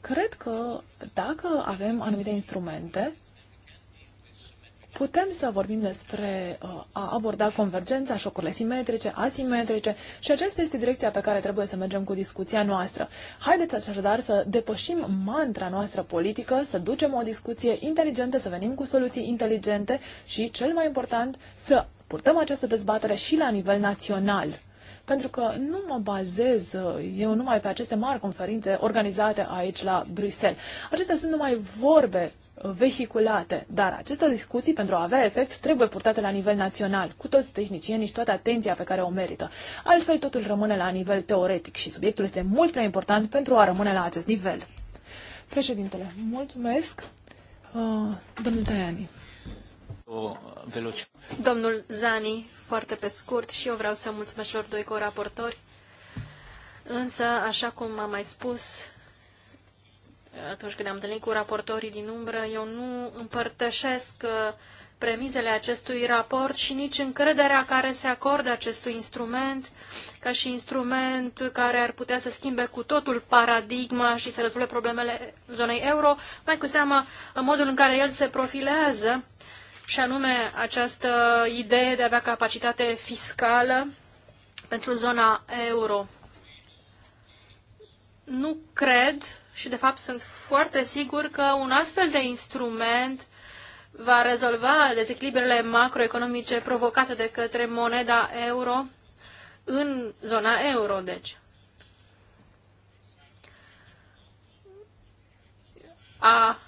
Speaker 1: Cred că dacă avem anumite instrumente, putem să vorbim despre uh, a aborda convergența, șocurile simetrice, asimetrice și aceasta este direcția pe care trebuie să mergem cu discuția noastră. Haideți așadar să depășim mantra noastră politică, să ducem o discuție inteligentă, să venim cu soluții inteligente și, cel mai important, să purtăm această dezbatere și la nivel național. Pentru că nu mă bazez uh, eu numai pe aceste mari conferințe organizate aici la Bruxelles. Acestea sunt numai vorbe uh, vehiculate, dar aceste discuții pentru a avea efect trebuie purtate la nivel național, cu toți tehnicienii și toată atenția pe care o merită. Altfel totul rămâne la nivel teoretic și subiectul este mult prea important pentru a rămâne la acest nivel. Președintele, mulțumesc. Uh, domnul Tajani.
Speaker 4: Domnul Zani, foarte pe scurt, și eu vreau să mulțumesc celor doi coraportori. Însă, așa cum am mai spus, atunci când am întâlnit cu raportorii din umbră, eu nu împărtășesc uh, premizele acestui raport și nici încrederea care se acordă acestui instrument ca și instrument care ar putea să schimbe cu totul paradigma și să rezolve problemele zonei euro, mai cu seamă în modul în care el se profilează și anume această idee de a avea capacitate fiscală pentru zona euro. Nu cred și, de fapt, sunt foarte sigur că un astfel de instrument va rezolva dezechilibrele macroeconomice provocate de către moneda euro în zona euro, deci. A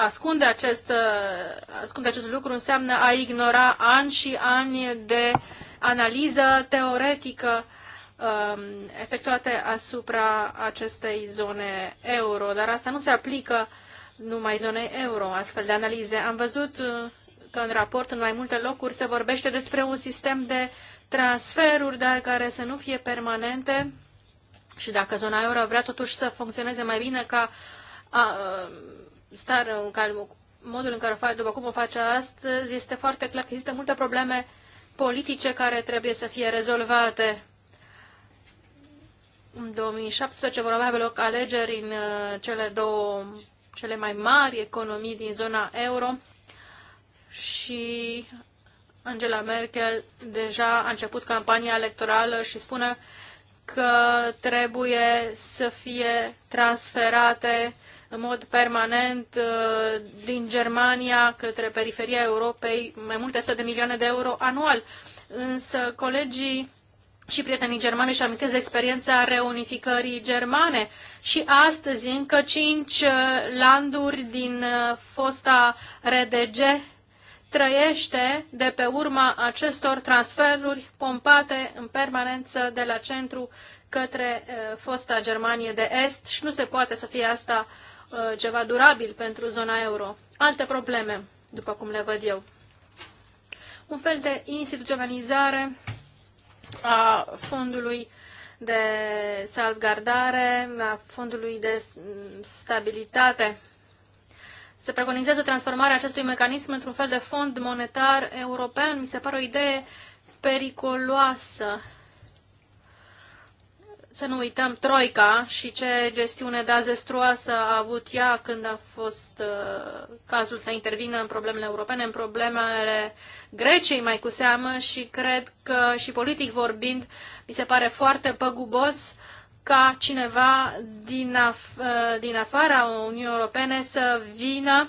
Speaker 4: ascunde acest, uh, ascunde acest lucru înseamnă a ignora ani și ani de analiză teoretică um, efectuate asupra acestei zone euro, dar asta nu se aplică numai zonei euro, astfel de analize. Am văzut uh, că în raport în mai multe locuri se vorbește despre un sistem de transferuri, dar care să nu fie permanente și dacă zona euro vrea totuși să funcționeze mai bine ca a, starea în care, modul în care o face, după cum o face astăzi, este foarte clar că există multe probleme politice care trebuie să fie rezolvate. În 2017 vor avea loc alegeri în uh, cele două cele mai mari economii din zona euro și Angela Merkel deja a început campania electorală și spune că trebuie să fie transferate în mod permanent uh, din Germania către periferia Europei mai multe sute de milioane de euro anual. Însă colegii și prietenii germani își amintesc experiența reunificării germane și astăzi încă cinci uh, landuri din uh, fosta RDG trăiește de pe urma acestor transferuri pompate în permanență de la centru către fosta Germanie de Est și nu se poate să fie asta Uh, ceva durabil pentru zona euro. Alte probleme, după cum le văd eu. Un fel de instituționalizare a fondului de salvgardare, a fondului de stabilitate. Se preconizează transformarea acestui mecanism într-un fel de fond monetar european. Mi se pare o idee periculoasă să nu uităm Troica și ce gestiune dezastruoasă a avut ea când a fost uh, cazul să intervină în problemele europene, în problemele Greciei mai cu seamă și cred că și politic vorbind mi se pare foarte păgubos ca cineva din, af- uh, din afara Uniunii Europene să vină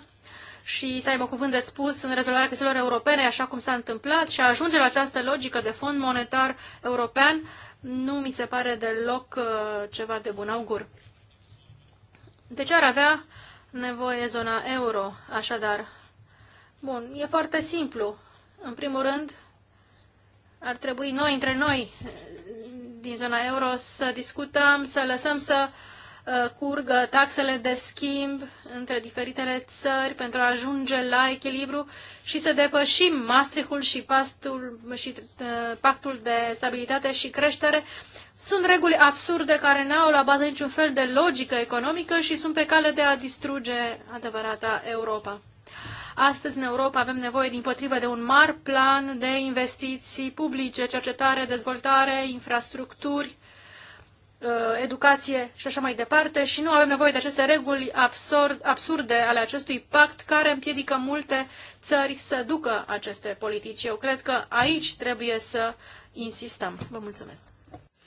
Speaker 4: și să aibă cuvânt de spus în rezolvarea chestiilor europene, așa cum s-a întâmplat, și ajunge la această logică de fond monetar european nu mi se pare deloc uh, ceva de bun augur. De ce ar avea nevoie zona euro, așadar. Bun, e foarte simplu. În primul rând, ar trebui noi, între noi, din zona euro, să discutăm, să lăsăm să uh, Uh, curgă taxele de schimb între diferitele țări pentru a ajunge la echilibru și să depășim Maastrichtul și, pastul, și uh, pactul de stabilitate și creștere. Sunt reguli absurde care nu au la bază niciun fel de logică economică și sunt pe cale de a distruge adevărata Europa. Astăzi, în Europa, avem nevoie, din potrivă, de un mare plan de investiții publice, cercetare, dezvoltare, infrastructuri, Uh, educație și așa mai departe și nu avem nevoie de aceste reguli absurd, absurde ale acestui pact care împiedică multe țări să ducă aceste politici. Eu cred că aici trebuie să insistăm. Vă mulțumesc.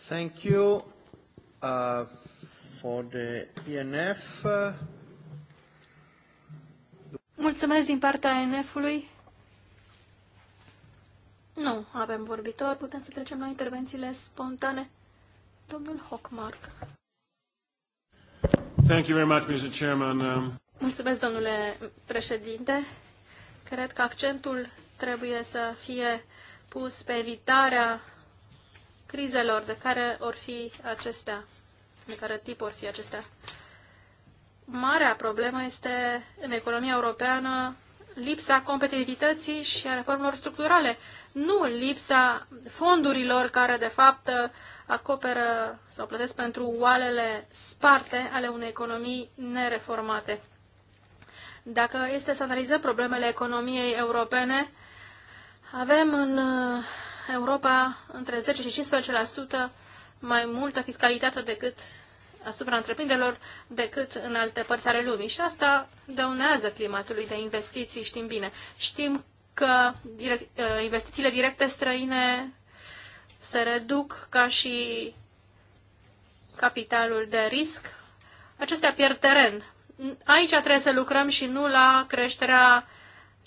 Speaker 4: Thank you uh, for the INF. Mulțumesc din partea INF-ului. Nu avem vorbitor, putem să trecem la intervențiile spontane. Domnul Hockmark.
Speaker 1: Thank you very much, Mr. Chairman. Um...
Speaker 4: Mulțumesc, domnule președinte. Cred că accentul trebuie să fie pus pe evitarea crizelor de care or fi acestea, de care tip or fi acestea. Marea problemă este în economia europeană lipsa competitivității și a reformelor structurale, nu lipsa fondurilor care, de fapt, acoperă sau plătesc pentru oalele sparte ale unei economii nereformate. Dacă este să analizăm problemele economiei europene, avem în Europa între 10 și 15% mai multă fiscalitate decât asupra întreprinderilor decât în alte părți ale lumii. Și asta dăunează climatului de investiții, știm bine. Știm că direct, ă, investițiile directe străine se reduc ca și capitalul de risc. Acestea pierd teren. Aici trebuie să lucrăm și nu la creșterea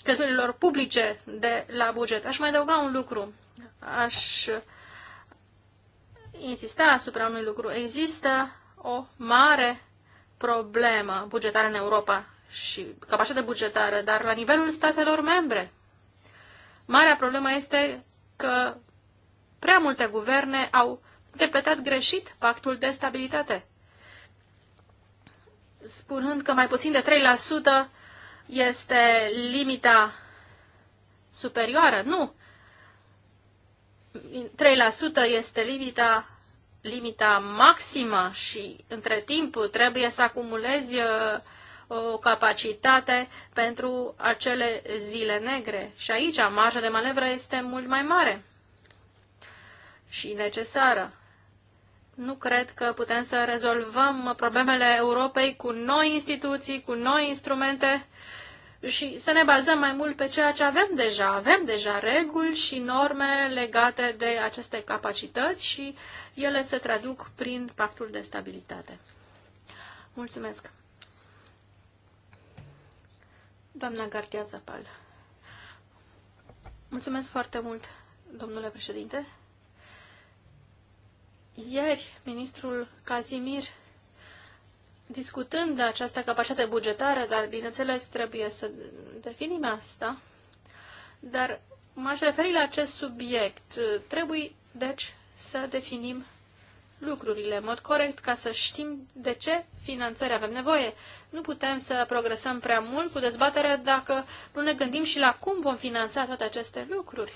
Speaker 4: cheltuielilor publice de la buget. Aș mai adăuga un lucru. Aș insista asupra unui lucru. Există o mare problemă bugetară în Europa și de bugetară, dar la nivelul statelor membre. Marea problemă este că prea multe guverne au interpretat greșit pactul de stabilitate, spunând că mai puțin de 3% este limita superioară. Nu! 3% este limita limita maximă și între timp trebuie să acumulezi uh, o capacitate pentru acele zile negre. Și aici marja de manevră este mult mai mare și necesară. Nu cred că putem să rezolvăm problemele Europei cu noi instituții, cu noi instrumente și să ne bazăm mai mult pe ceea ce avem deja. Avem deja reguli și norme legate de aceste capacități și uh, ele se traduc prin pactul de stabilitate. Mulțumesc! Doamna Gardia Zapal. Mulțumesc foarte mult, domnule președinte. Ieri, ministrul Casimir, discutând de această capacitate bugetară, dar bineînțeles trebuie să definim asta, dar m-aș referi la acest subiect. Trebuie, deci, să definim lucrurile în mod corect ca să știm de ce finanțări avem nevoie. Nu putem să progresăm prea mult cu dezbaterea dacă nu ne gândim și la cum vom finanța toate aceste lucruri.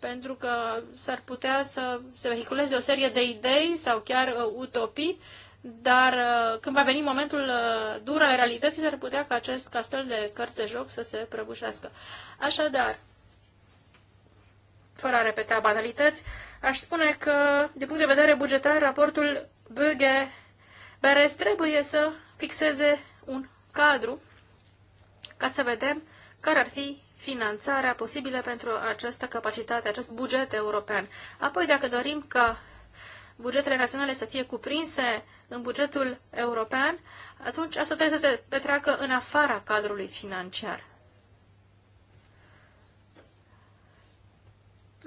Speaker 4: Pentru că s-ar putea să se vehiculeze o serie de idei sau chiar uh, utopii, dar uh, când va veni momentul uh, dur al realității, s-ar putea ca acest castel de cărți de joc să se prăbușească. Așadar, fără a repeta banalități, aș spune că, din punct de vedere bugetar, raportul Böge Beres trebuie să fixeze un cadru ca să vedem care ar fi finanțarea posibilă pentru această capacitate, acest buget european. Apoi, dacă dorim ca bugetele naționale să fie cuprinse în bugetul european, atunci asta trebuie să se petreacă în afara cadrului financiar.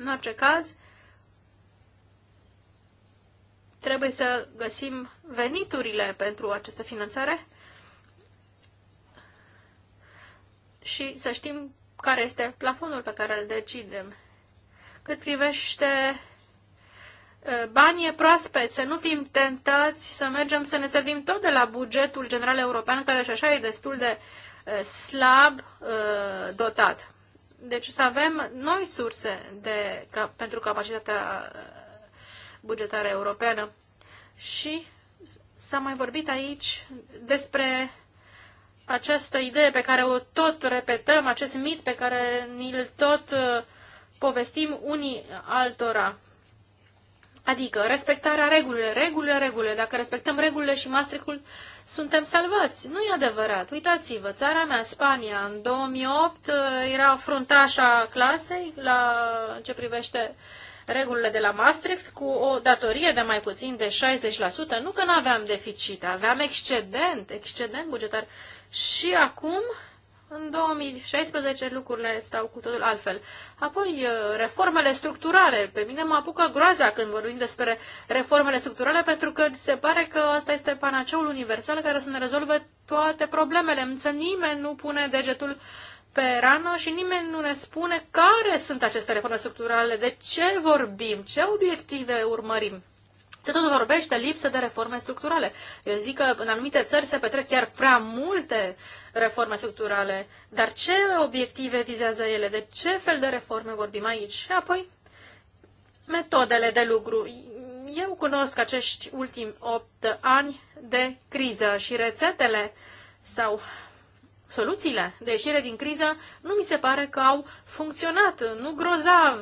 Speaker 4: În orice caz, trebuie să găsim veniturile pentru această finanțare și să știm care este plafonul pe care îl decidem. Cât privește banii proaspeți, să nu fim tentați să mergem să ne servim tot de la bugetul general european, care și așa e destul de slab dotat. Deci să avem noi surse de, ca, pentru capacitatea uh, bugetară europeană. Și s-a mai vorbit aici despre această idee pe care o tot repetăm, acest mit pe care ni-l tot uh, povestim unii altora. Adică respectarea regulilor, regulile, regulile. Dacă respectăm regulile și Maastrichtul, suntem salvați. Nu e adevărat. Uitați-vă, țara mea, Spania, în 2008 eh, era fruntașa clasei la ce privește regulile de la Maastricht cu o datorie de mai puțin de 60%. Nu că nu aveam deficit, aveam excedent, excedent bugetar. Și acum în 2016 lucrurile stau cu totul altfel. Apoi, uh, reformele structurale. Pe mine mă apucă groaza când vorbim despre reformele structurale, pentru că se pare că asta este panaceul universal care să ne rezolve toate problemele. Însă nimeni nu pune degetul pe rană și nimeni nu ne spune care sunt aceste reforme structurale, de ce vorbim, ce obiective urmărim se tot vorbește lipsă de reforme structurale. Eu zic că în anumite țări se petrec chiar prea multe reforme structurale, dar ce obiective vizează ele, de ce fel de reforme vorbim aici? Și apoi, metodele de lucru. Eu cunosc acești ultimi opt ani de criză și rețetele sau soluțiile de ieșire din criză nu mi se pare că au funcționat, nu grozav.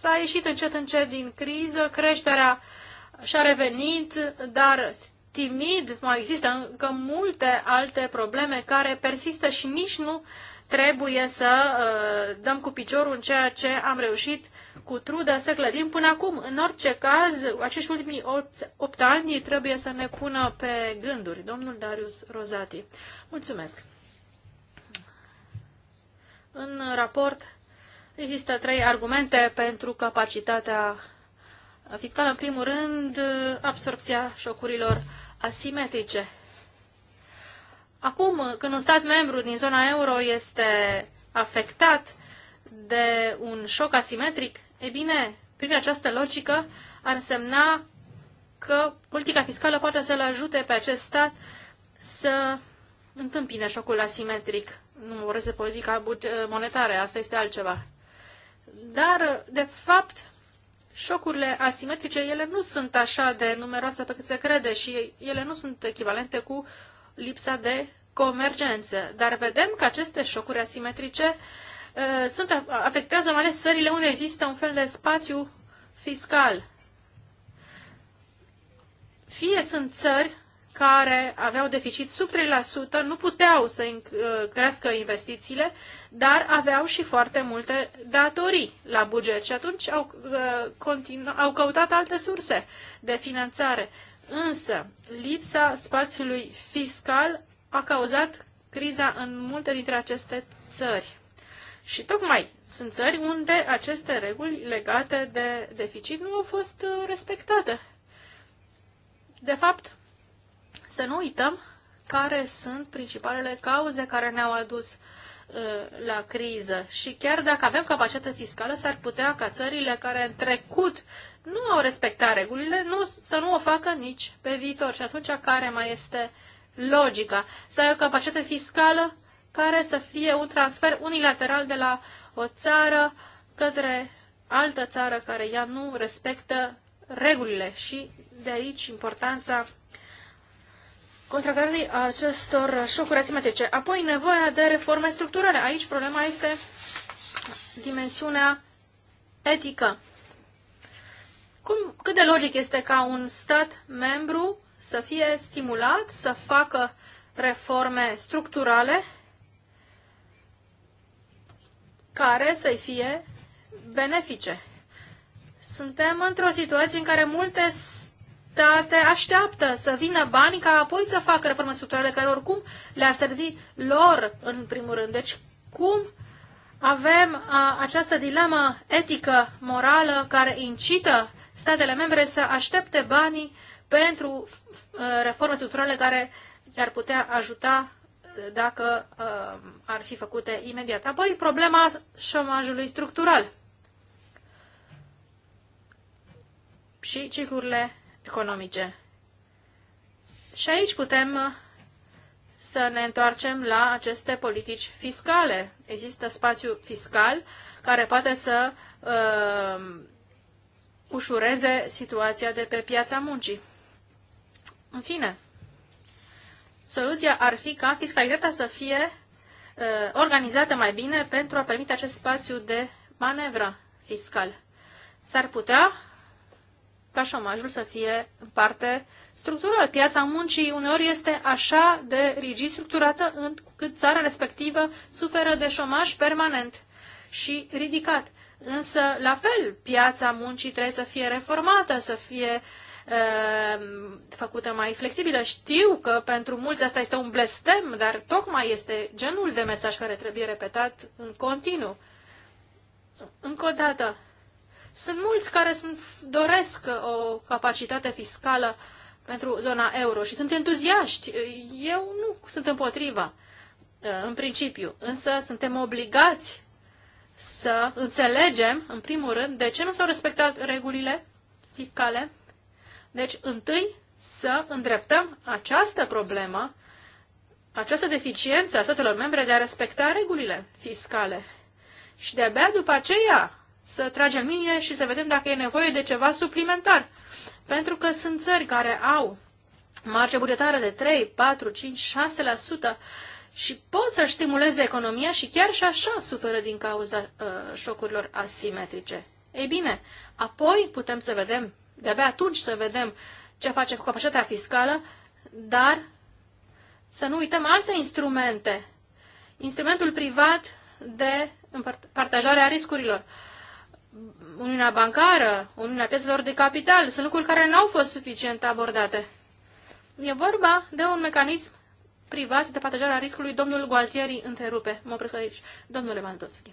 Speaker 4: S-a ieșit încet încet din criză, creșterea uh, și-a revenit, dar timid, mai există încă multe alte probleme care persistă și nici nu trebuie să uh, dăm cu piciorul în ceea ce am reușit cu trudă să clădim până acum. În orice caz, acești ultimii 8, 8 ani trebuie să ne pună pe gânduri. Domnul Darius Rozati. Mulțumesc. În raport există trei argumente pentru capacitatea fiscală, în primul rând, absorpția șocurilor asimetrice. Acum, când un stat membru din zona euro este afectat de un șoc asimetric, e bine, prin această logică ar însemna că politica fiscală poate să-l ajute pe acest stat să întâmpine șocul asimetric. Nu vorbesc de politica monetară, asta este altceva. Dar, de fapt, șocurile asimetrice, ele nu sunt așa de numeroase pe cât se crede și ele nu sunt echivalente cu lipsa de convergență. Dar vedem că aceste șocuri asimetrice uh, sunt, afectează mai ales țările unde există un fel de spațiu fiscal. Fie sunt țări care aveau deficit sub 3%, nu puteau să uh, crească investițiile, dar aveau și foarte multe datorii la buget și atunci au, uh, continu- au căutat alte surse de finanțare. Însă, lipsa spațiului fiscal a cauzat criza în multe dintre aceste țări. Și tocmai sunt țări unde aceste reguli legate de deficit nu au fost uh, respectate. De fapt, să nu uităm care sunt principalele cauze care ne-au adus uh, la criză. Și chiar dacă avem capacitate fiscală, s-ar putea ca țările care în trecut nu au respectat regulile nu, să nu o facă nici pe viitor. Și atunci care mai este logica? Să ai o capacitate fiscală care să fie un transfer unilateral de la o țară către altă țară care ea nu respectă regulile și de aici importanța contracarării acestor șocuri asimetrice. Apoi, nevoia de reforme structurale. Aici problema este dimensiunea etică. Cum, cât de logic este ca un stat membru să fie stimulat să facă reforme structurale care să fie benefice? Suntem într-o situație în care multe tate așteaptă să vină bani ca apoi să facă reforme structurale care oricum le a servit lor în primul rând. Deci cum avem a, această dilemă etică, morală, care incită statele membre să aștepte banii pentru a, reforme structurale care le-ar putea ajuta dacă a, ar fi făcute imediat. Apoi, problema șomajului structural și ciclurile economice. Și aici putem uh, să ne întoarcem la aceste politici fiscale. Există spațiu fiscal care poate să uh, ușureze situația de pe piața muncii. În fine, soluția ar fi ca fiscalitatea să fie uh, organizată mai bine pentru a permite acest spațiu de manevră fiscal. S-ar putea ca șomajul să fie în parte structural. Piața muncii uneori este așa de rigid structurată încât țara respectivă suferă de șomaj permanent și ridicat. Însă, la fel, piața muncii trebuie să fie reformată, să fie e, ehm, făcută mai flexibilă. Știu că pentru mulți asta este un blestem, dar tocmai este genul de mesaj care trebuie repetat în continuu. Încă o dată, sunt mulți care sunt, doresc uh, o capacitate fiscală pentru zona euro și sunt entuziaști. Eu nu sunt împotriva, uh, în principiu, însă suntem obligați să înțelegem, în primul rând, de ce nu s-au respectat regulile fiscale. Deci, întâi, să îndreptăm această problemă, această deficiență a statelor membre de a respecta regulile fiscale. Și de-abia după aceea să tragem linie și să vedem dacă e nevoie de ceva suplimentar. Pentru că sunt țări care au marge bugetară de 3, 4, 5, 6% și pot să-și stimuleze economia și chiar și așa suferă din cauza uh, șocurilor asimetrice. Ei bine, apoi putem să vedem, de-abia atunci să vedem ce face cu capacitatea fiscală, dar să nu uităm alte instrumente. Instrumentul privat de partajare a riscurilor. Uh, Uniunea Bancară, Uniunea Piețelor de Capital, sunt lucruri care nu au fost suficient abordate. E vorba de un mecanism privat de partajare a riscului. Domnul Gualtieri întrerupe. Mă opresc aici. Domnule Mandovski.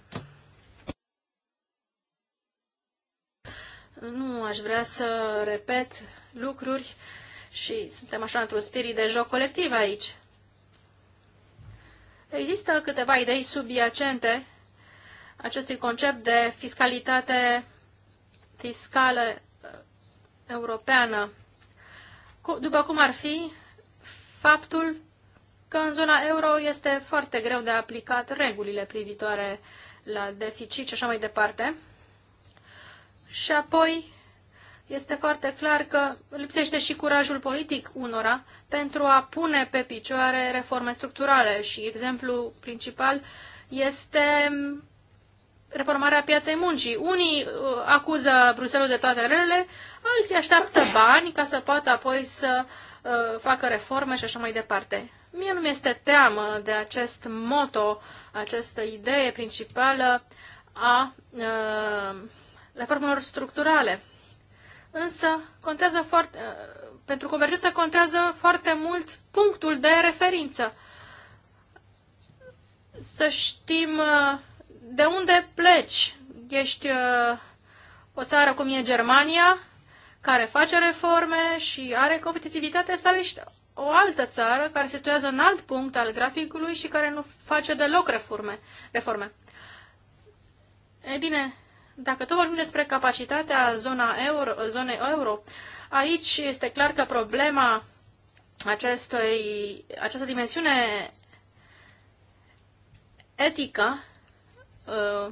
Speaker 4: Nu aș vrea să repet lucruri și suntem așa într-un spirit de joc colectiv aici. Există câteva idei subiacente acestui concept de fiscalitate fiscală uh, europeană, după cum ar fi faptul că în zona euro este foarte greu de aplicat regulile privitoare la deficit și așa mai departe. Și apoi este foarte clar că lipsește și curajul politic unora pentru a pune pe picioare reforme structurale și exemplu principal este reformarea piaței muncii. Unii uh, acuză Bruselul de toate relele, alții așteaptă bani ca să poată apoi să uh, facă reforme și așa mai departe. Mie nu mi-este teamă de acest moto, această idee principală a uh, reformelor structurale. Însă contează foarte, pentru convergență contează foarte mult punctul de referință. Să știm de unde pleci? Ești uh, o țară cum e Germania, care face reforme și are competitivitate, sau ești o altă țară care se situează în alt punct al graficului și care nu face deloc reforme. reforme. E bine, dacă tot vorbim despre capacitatea zona euro, zonei euro, aici este clar că problema acestui, această dimensiune etică Uh,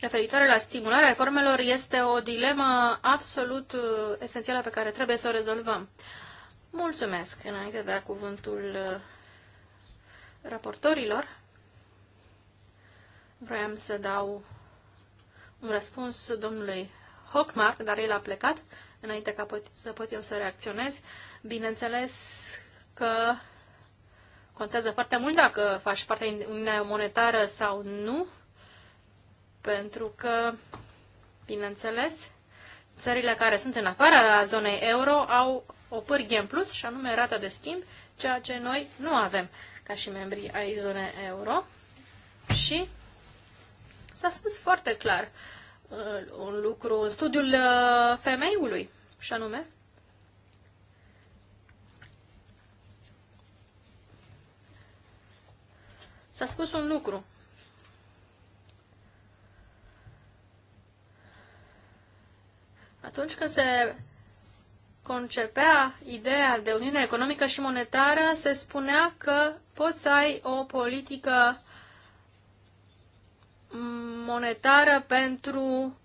Speaker 4: referitoare la stimularea reformelor este o dilemă absolut uh, esențială pe care trebuie să o rezolvăm. Mulțumesc înainte de a da cuvântul uh, raportorilor. Vreau să dau un răspuns domnului Hockmark, dar el a plecat înainte ca pot, să pot eu să reacționez. Bineînțeles că Contează foarte mult dacă faci parte din Uniunea Monetară sau nu, pentru că, bineînțeles, țările care sunt în afara zonei euro au o pârghie în plus, și anume rata de schimb, ceea ce noi nu avem ca și membrii ai zonei euro. Și s-a spus foarte clar uh, un lucru în studiul uh, femeiului, și anume S-a spus un lucru. Atunci când se concepea ideea de Uniune Economică și Monetară, se spunea că poți să ai o politică monetară pentru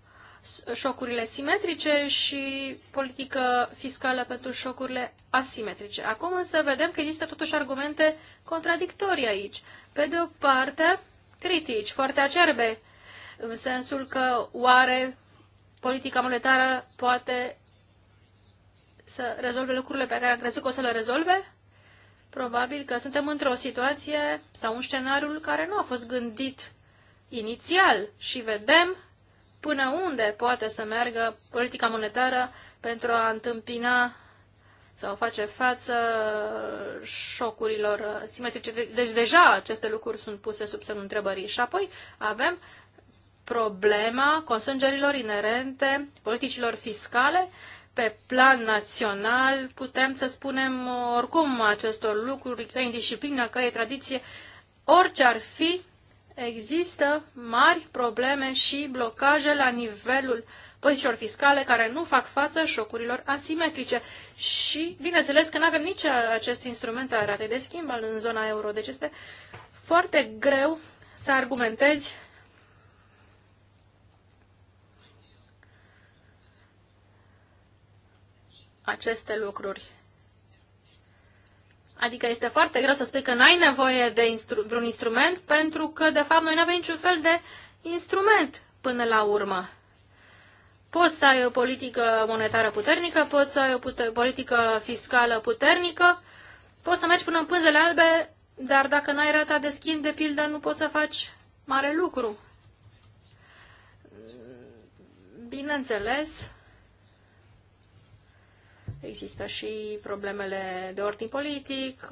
Speaker 4: șocurile simetrice și politică fiscală pentru șocurile asimetrice. Acum însă vedem că există totuși argumente contradictorii aici. Pe de o parte, critici foarte acerbe, în sensul că oare politica monetară poate să rezolve lucrurile pe care am crezut că o să le rezolve? Probabil că suntem într-o situație sau un scenariu care nu a fost gândit inițial și vedem până unde poate să meargă politica monetară pentru a întâmpina sau face față șocurilor simetrice. Deci deja aceste lucruri sunt puse sub semnul întrebării. Și apoi avem problema consângerilor inerente politicilor fiscale pe plan național, putem să spunem oricum acestor lucruri, că e indisciplină, că e tradiție, orice ar fi, există mari probleme și blocaje la nivelul pozițiilor fiscale care nu fac față șocurilor asimetrice. Și, bineînțeles, că nu avem nici acest instrument al ratei de schimb în zona euro, deci este foarte greu să argumentezi aceste lucruri. Adică este foarte greu să spui că n-ai nevoie de instru- vreun instrument pentru că, de fapt, noi nu avem niciun fel de instrument până la urmă. Poți să ai o politică monetară puternică, poți să ai o politică fiscală puternică, poți să mergi până în pânzele albe, dar dacă n-ai rata de schimb, de pildă, nu poți să faci mare lucru. Bineînțeles, Există și problemele de ordin politic,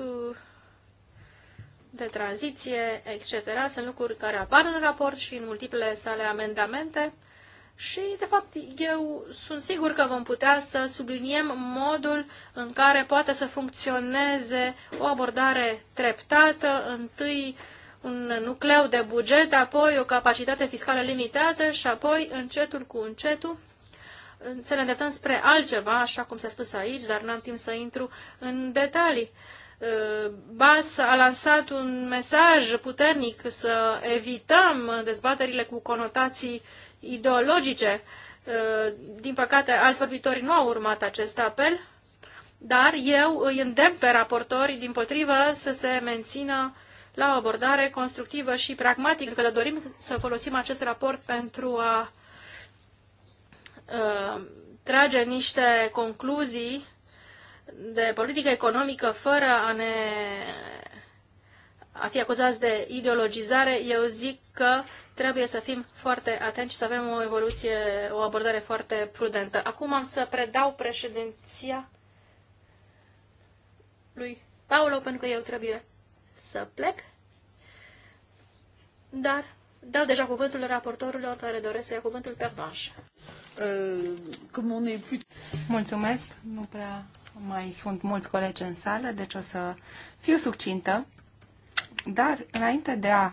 Speaker 4: de tranziție, etc. Sunt lucruri care apar în raport și în multiple sale amendamente. Și, de fapt, eu sunt sigur că vom putea să subliniem modul în care poate să funcționeze o abordare treptată, întâi un nucleu de buget, apoi o capacitate fiscală limitată și apoi, încetul cu încetul, să ne îndreptăm spre altceva, așa cum s-a spus aici, dar n-am timp să intru în detalii. Uh, BAS a lansat un mesaj puternic să evităm dezbaterile cu conotații ideologice. Uh, din păcate, alți vorbitori nu au urmat acest apel, dar eu îi îndemn pe raportori, din potrivă, să se mențină la o abordare constructivă și pragmatică, că dorim să folosim acest raport pentru a Uh, trage niște concluzii de politică economică fără a ne a fi acuzați de ideologizare, eu zic că trebuie să fim foarte atenți și să avem o evoluție, o abordare foarte prudentă. Acum am să predau președinția lui Paulo, pentru că eu trebuie să plec. Dar dau deja cuvântul raportorilor care doresc să ia cuvântul pe planșă. Uh,
Speaker 2: Mulțumesc, nu prea mai sunt mulți colegi în sală, deci o să fiu succintă. Dar înainte de a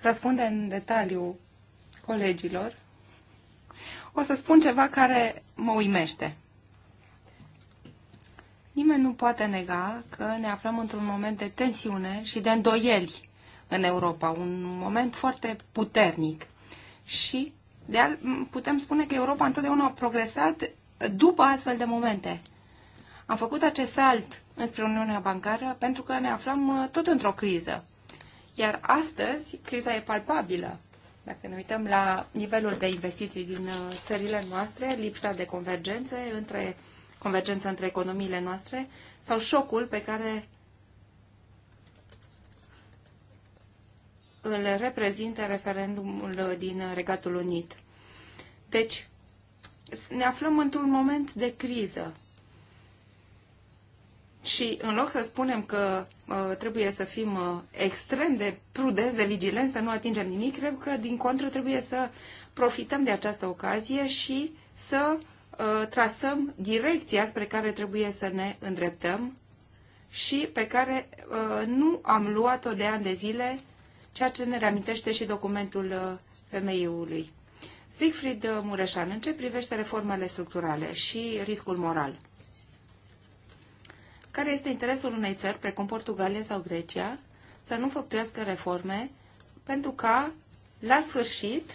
Speaker 2: răspunde în detaliu colegilor, o să spun ceva care mă uimește. Nimeni nu poate nega că ne aflăm într-un moment de tensiune și de îndoieli în Europa, un moment foarte puternic. Și de al, putem spune că Europa întotdeauna a progresat după astfel de momente. Am făcut acest salt înspre Uniunea Bancară pentru că ne aflam uh, tot într-o criză. Iar astăzi, criza e palpabilă. Dacă ne uităm la nivelul de investiții din uh, țările noastre, lipsa de convergențe între, convergență între economiile noastre sau șocul pe care îl reprezintă referendumul din Regatul Unit. Deci, ne aflăm într-un moment de criză. Și în loc să spunem că uh, trebuie să fim uh, extrem de prudenți, de vigilenți, să nu atingem nimic, cred că, din contră, trebuie să profităm de această ocazie și să uh, trasăm direcția spre care trebuie să ne îndreptăm și pe care uh, nu am luat-o de ani de zile, ceea ce ne reamintește și documentul uh, femeiului. Siegfried Mureșan, în ce privește reformele structurale și riscul moral? Care este interesul unei țări, precum Portugalia sau Grecia, să nu făptuiască reforme pentru ca, la sfârșit,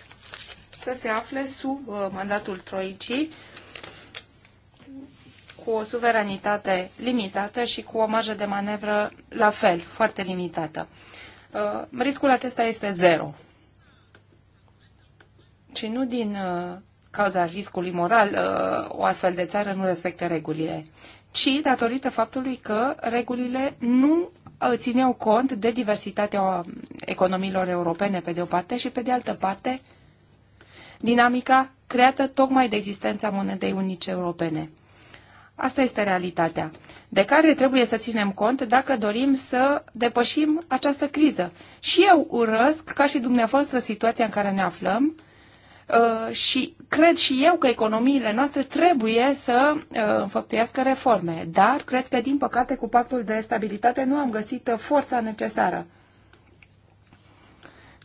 Speaker 2: să se afle sub uh, mandatul Troicii cu o suveranitate limitată și cu o marjă de manevră la fel, foarte limitată. Uh, riscul acesta este zero ci nu din uh, cauza riscului moral uh, o astfel de țară nu respectă regulile, ci datorită faptului că regulile nu uh, țineau cont de diversitatea um, economiilor europene pe de o parte și pe de altă parte dinamica creată tocmai de existența monedei unice europene. Asta este realitatea, de care trebuie să ținem cont dacă dorim să depășim această criză. Și eu urăsc, ca și dumneavoastră, situația în care ne aflăm Uh, și cred și eu că economiile noastre trebuie să uh, înfăptuiască reforme, dar cred că, din păcate, cu pactul de stabilitate nu am găsit uh, forța necesară.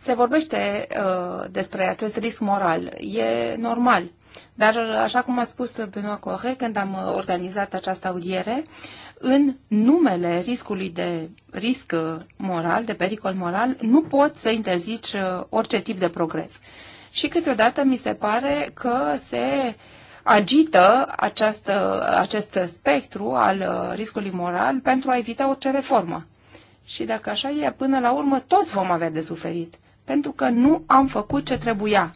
Speaker 2: Se vorbește uh, despre acest risc moral. E normal. Dar, așa cum a spus Benoît Corre când am organizat această audiere, în numele riscului de risc moral, de pericol moral, nu pot să interzici orice tip de progres și câteodată mi se pare că se agită această, acest spectru al uh, riscului moral pentru a evita orice reformă. Și dacă așa e, până la urmă toți vom avea de suferit, pentru că nu am făcut ce trebuia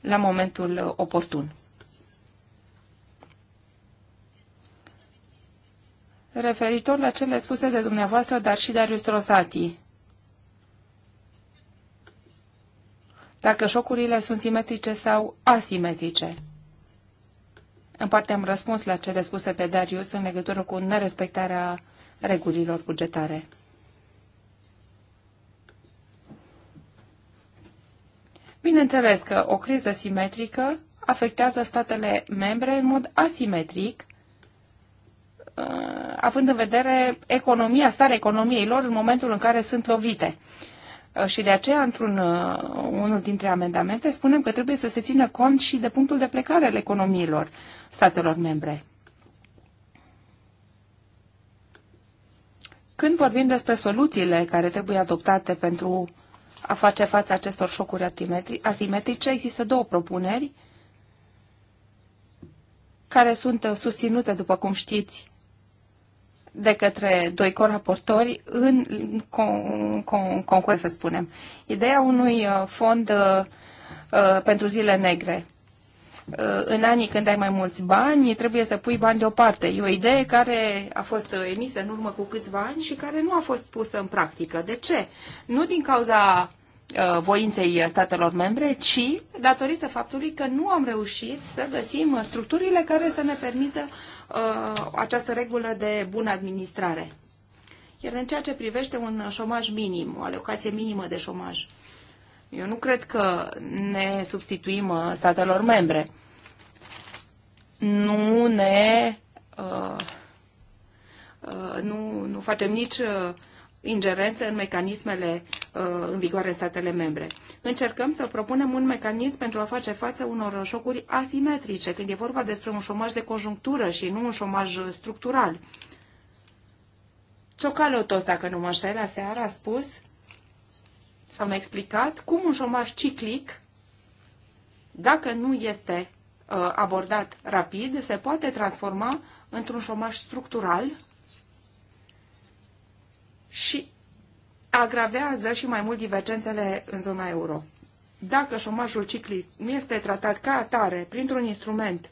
Speaker 2: la momentul uh, oportun. Referitor la cele spuse de dumneavoastră, dar și de Arius Rosati, dacă șocurile sunt simetrice sau asimetrice. În parte am răspuns la cele spuse de Darius în legătură cu nerespectarea regulilor bugetare. Bineînțeles că o criză simetrică afectează statele membre în mod asimetric, uh, având în vedere economia, starea economiei lor în momentul în care sunt lovite Uh, și de aceea, într-un uh, unul dintre amendamente, spunem că trebuie să se țină cont și de punctul de plecare al economiilor statelor membre. Când vorbim despre soluțiile care trebuie adoptate pentru a face față acestor șocuri asimetrice, există două propuneri care sunt uh, susținute, după cum știți, de către doi coraportori în con, con, concurs, să spunem. Ideea unui uh, fond uh, uh, pentru zile negre. În anii când ai mai mulți bani, trebuie să pui bani deoparte. E o idee care a fost emisă în urmă cu câțiva ani și care nu a fost pusă în practică. De ce? Nu din cauza Uh, voinței statelor membre, ci datorită faptului că nu am reușit să găsim structurile care să ne permită uh, această regulă de bună administrare. Iar în ceea ce privește un șomaj minim, o alocație minimă de șomaj, eu nu cred că ne substituim uh, statelor membre. Nu ne. Uh, uh, nu, nu facem nici. Uh, ingerențe în mecanismele uh, în vigoare în statele membre. Încercăm să propunem un mecanism pentru a face față unor șocuri asimetrice, când e vorba despre un șomaj de conjunctură și nu un șomaj structural. Ciocalotos, dacă nu mă înșel, aseară a spus sau ne-a explicat cum un șomaj ciclic, dacă nu este uh, abordat rapid, se poate transforma într-un șomaj structural și agravează și mai mult divergențele în zona euro. Dacă șomajul ciclic nu este tratat ca atare printr-un instrument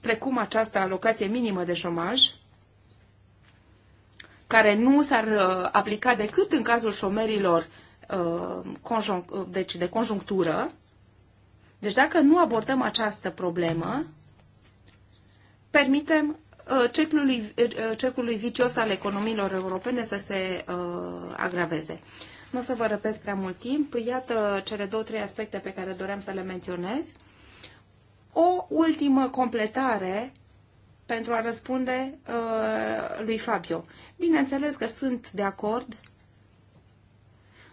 Speaker 2: precum această alocație minimă de șomaj, care nu s-ar uh, aplica decât în cazul șomerilor uh, uh, deci de conjunctură. Deci dacă nu abordăm această problemă, permitem Uh, cercului, uh, cercului vicios al economiilor europene să se uh, agraveze. Nu o să vă răpesc prea mult timp. Iată cele două, trei aspecte pe care doream să le menționez. O ultimă completare pentru a răspunde uh, lui Fabio. Bineînțeles că sunt de acord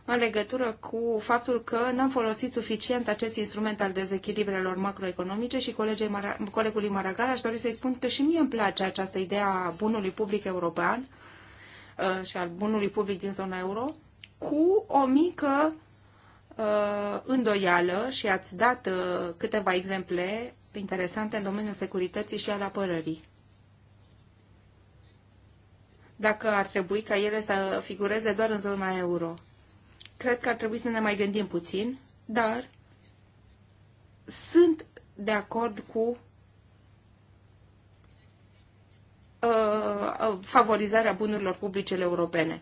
Speaker 2: în legătură cu faptul că n-am folosit suficient acest instrument al dezechilibrelor macroeconomice și colegii Mara, colegului Maragal aș dori să-i spun că și mie îmi place această idee a bunului public european uh, și al bunului public din zona euro cu o mică uh, îndoială și ați dat uh, câteva exemple interesante în domeniul securității și al apărării. Dacă ar trebui ca ele să figureze doar în zona euro cred că ar trebui să ne mai gândim puțin, dar sunt de acord cu uh, uh, favorizarea bunurilor publice europene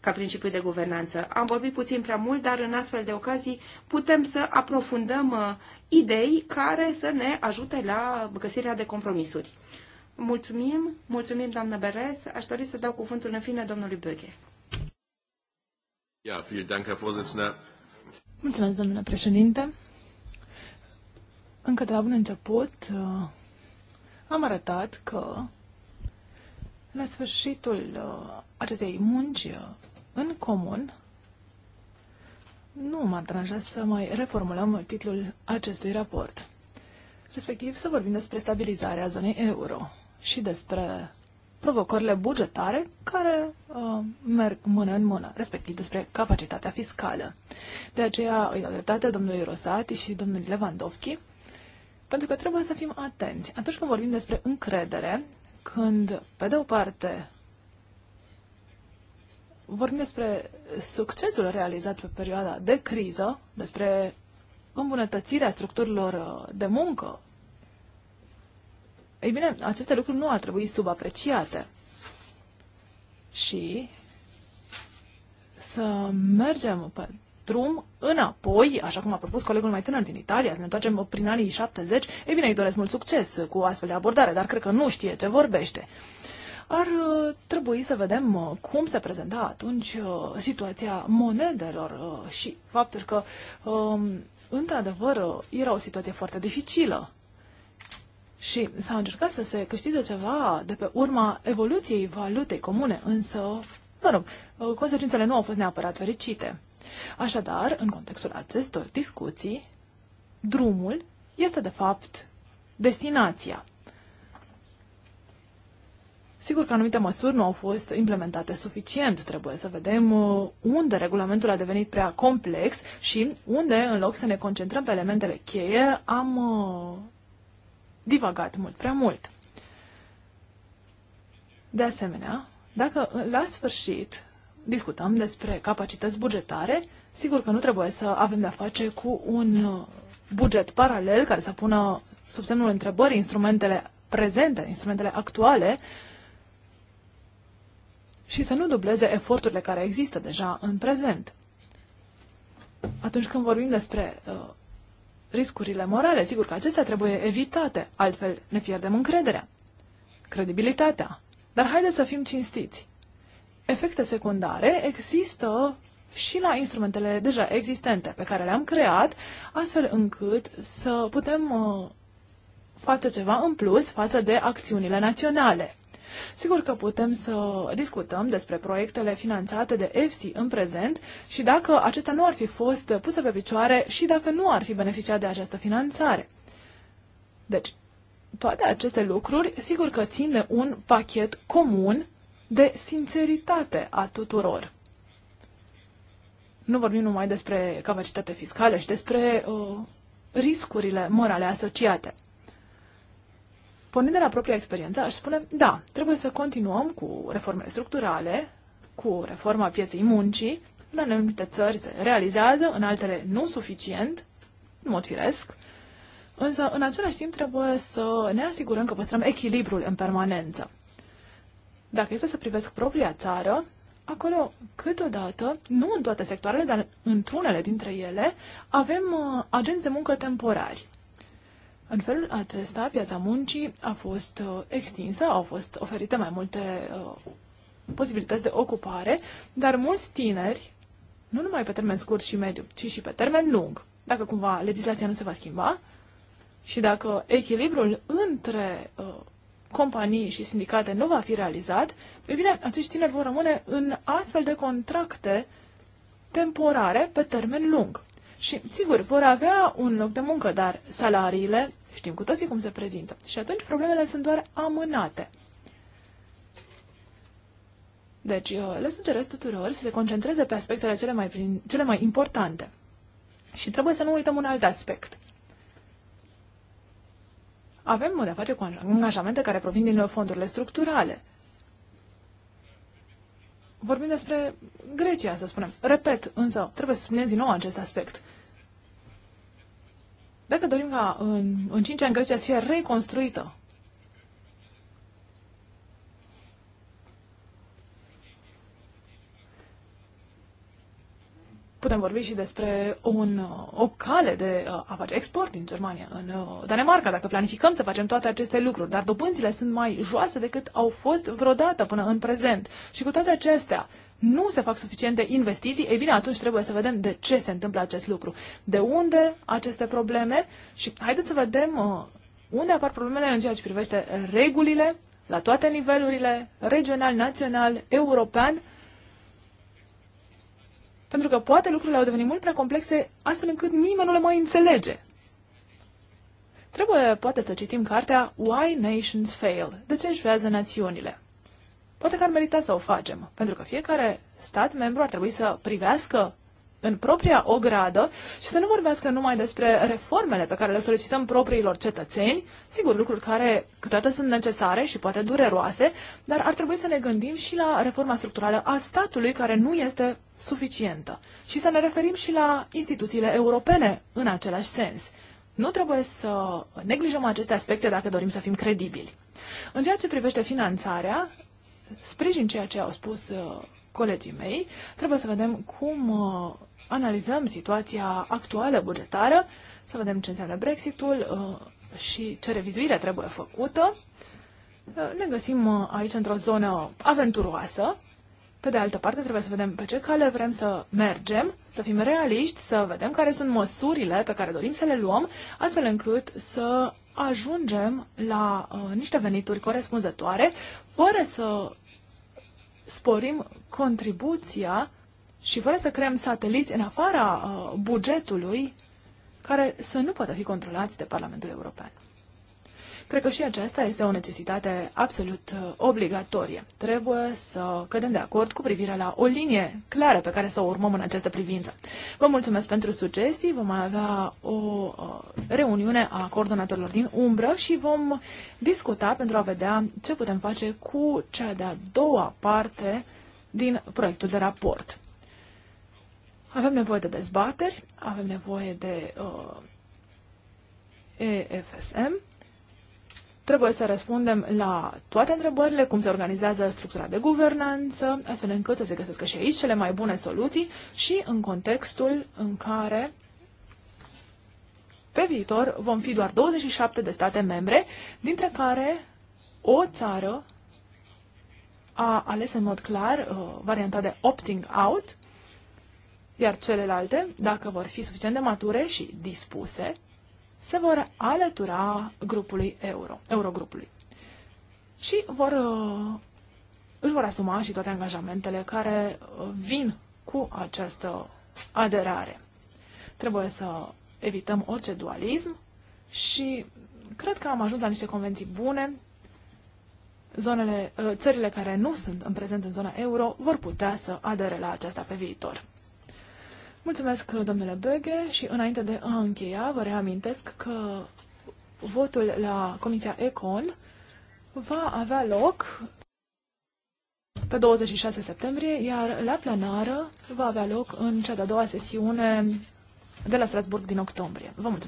Speaker 2: ca principiu de guvernanță. Am vorbit puțin prea mult, dar în astfel de ocazii putem să aprofundăm uh, idei care să ne ajute la găsirea de compromisuri. Mulțumim, mulțumim doamnă Beres. Aș dori să dau
Speaker 1: cuvântul în fine domnului Böge. Ja, vielen Dank, Herr Vorsitzender. Mulțumesc, domnule președinte. Încă de la bun început uh, am arătat că la sfârșitul uh, acestei munci uh, în comun nu m-a deranjat să mai reformulăm titlul acestui raport, respectiv să vorbim despre stabilizarea zonei euro și despre provocările bugetare care uh, merg mână în mână, respectiv despre capacitatea fiscală. De aceea îi dau dreptate domnului Rosati și domnului Lewandowski, pentru că trebuie să fim atenți. Atunci când vorbim despre încredere, când, pe de o parte, vorbim despre succesul realizat pe perioada de criză, despre îmbunătățirea structurilor uh, de muncă ei bine, aceste lucruri nu ar trebui subapreciate. Și să mergem pe drum înapoi, așa cum a propus colegul mai tânăr din Italia, să ne întoarcem prin anii 70, ei bine, îi doresc mult succes cu astfel de abordare, dar cred că nu știe ce vorbește. Ar uh, trebui să vedem uh, cum se prezenta atunci uh, situația monedelor și faptul că, um, într-adevăr, era o situație foarte dificilă și s-a încercat să se câștige ceva de pe urma evoluției valutei comune, însă, mă rog, consecințele nu au fost neapărat fericite. Așadar, în contextul acestor discuții, drumul este de fapt destinația. Sigur că anumite măsuri nu au fost implementate suficient. Trebuie să vedem uh, unde regulamentul a devenit prea complex și unde, în loc să ne concentrăm pe elementele cheie, am uh, divagat mult prea mult. De asemenea, dacă la sfârșit discutăm despre capacități bugetare, sigur că nu trebuie să avem de-a face cu un buget paralel care să pună sub semnul întrebării instrumentele prezente, instrumentele actuale și să nu dubleze eforturile care există deja în prezent. Atunci când vorbim despre uh, riscurile morale. Sigur că acestea trebuie evitate, altfel ne pierdem încrederea, credibilitatea. Dar haideți să fim cinstiți. Efecte secundare există și la instrumentele deja existente pe care le-am creat, astfel încât să putem uh, face ceva în plus față de acțiunile naționale. Sigur că putem să discutăm despre proiectele finanțate de EFSI în prezent și dacă acestea nu ar fi fost puse pe picioare și dacă nu ar fi beneficiat de această finanțare. Deci, toate aceste lucruri, sigur că țin de un pachet comun de sinceritate a tuturor. Nu vorbim numai despre capacitate fiscală și despre uh, riscurile morale asociate pornind de la propria experiență, aș spune, da, trebuie să continuăm cu reformele structurale, cu reforma pieței muncii. În anumite țări se realizează, în altele nu suficient, în mod firesc. Însă, în același timp, trebuie să ne asigurăm că păstrăm echilibrul în permanență. Dacă este să privesc propria țară, acolo, câteodată, nu în toate sectoarele, dar într-unele dintre ele, avem uh, agenți de muncă temporari. În felul acesta, piața muncii a fost uh, extinsă, au fost oferite mai multe uh, posibilități de ocupare, dar mulți tineri, nu numai pe termen scurt și mediu, ci și pe termen lung, dacă cumva legislația nu se va schimba și dacă echilibrul între uh, companii și sindicate nu va fi realizat, e bine, acești tineri vor rămâne în astfel de contracte temporare pe termen lung. Și, sigur, vor avea un loc de muncă, dar salariile știm cu toții cum se prezintă. Și atunci problemele sunt doar amânate. Deci, uh, le sugerez tuturor să se concentreze pe aspectele cele mai, prin, cele mai importante. Și trebuie să nu uităm un alt aspect. Avem de-a face cu angajamente care provin din fondurile structurale vorbim despre Grecia, să spunem. Repet, însă, trebuie să spunem din nou acest aspect. Dacă dorim ca în, în 5 ani Grecia să fie reconstruită, putem vorbi și despre un, o cale de uh, a face export din Germania în uh, Danemarca, dacă planificăm să facem toate aceste lucruri, dar dobânzile sunt mai joase decât au fost vreodată până în prezent. Și cu toate acestea, nu se fac suficiente investiții, ei bine, atunci trebuie să vedem de ce se întâmplă acest lucru, de unde aceste probleme și haideți să vedem uh, unde apar problemele în ceea ce privește regulile la toate nivelurile, regional, național, european, pentru că poate lucrurile au devenit mult prea complexe, astfel încât nimeni nu le mai înțelege. Trebuie poate să citim cartea Why Nations Fail, de ce eșuează națiunile. Poate că ar merita să o facem, pentru că fiecare stat membru ar trebui să privească în propria ogradă și să nu vorbească numai despre reformele pe care le solicităm propriilor cetățeni, sigur, lucruri care câteodată sunt necesare și poate dureroase, dar ar trebui să ne gândim și la reforma structurală a statului care nu este suficientă și să ne referim și la instituțiile europene în același sens. Nu trebuie să neglijăm aceste aspecte dacă dorim să fim credibili. În ceea ce privește finanțarea, sprijin ceea ce au spus uh, colegii mei, trebuie să vedem cum uh, analizăm situația actuală bugetară, să vedem ce înseamnă Brexitul uh, și ce revizuire trebuie făcută. Uh, ne găsim uh, aici într-o zonă aventuroasă. Pe de altă parte, trebuie să vedem pe ce cale vrem să mergem, să fim realiști, să vedem care sunt măsurile pe care dorim să le luăm, astfel încât să ajungem la uh, niște venituri corespunzătoare, fără să sporim contribuția și fără să creăm sateliți în afara uh, bugetului care să nu poată fi controlați de Parlamentul European. Cred că și aceasta este o necesitate absolut uh, obligatorie. Trebuie să cădem de acord cu privire la o linie clară pe care să o urmăm în această privință. Vă mulțumesc pentru sugestii, vom avea o uh, reuniune a coordonatorilor din umbră și vom discuta pentru a vedea ce putem face cu cea de-a doua parte din proiectul de raport. Avem nevoie de dezbateri, avem nevoie de uh, EFSM. Trebuie să răspundem la toate întrebările, cum se organizează structura de guvernanță, astfel încât să se găsesc și aici cele mai bune soluții și în contextul în care pe viitor vom fi doar 27 de state membre, dintre care o țară a ales în mod clar uh, varianta de opting out iar celelalte, dacă vor fi suficient de mature și dispuse, se vor alătura grupului euro, eurogrupului. Și vor, uh, își vor asuma și toate angajamentele care uh, vin cu această aderare. Trebuie să evităm orice dualism și cred că am ajuns la niște convenții bune. Zonele, uh, țările care nu sunt în prezent în zona euro vor putea să adere la aceasta pe viitor. Mulțumesc, domnule Böge, și înainte de a încheia, vă reamintesc că votul la Comisia Econ va avea loc pe 26 septembrie, iar la plenară va avea loc în cea de-a doua sesiune de la Strasburg din octombrie. Vă mulțumesc!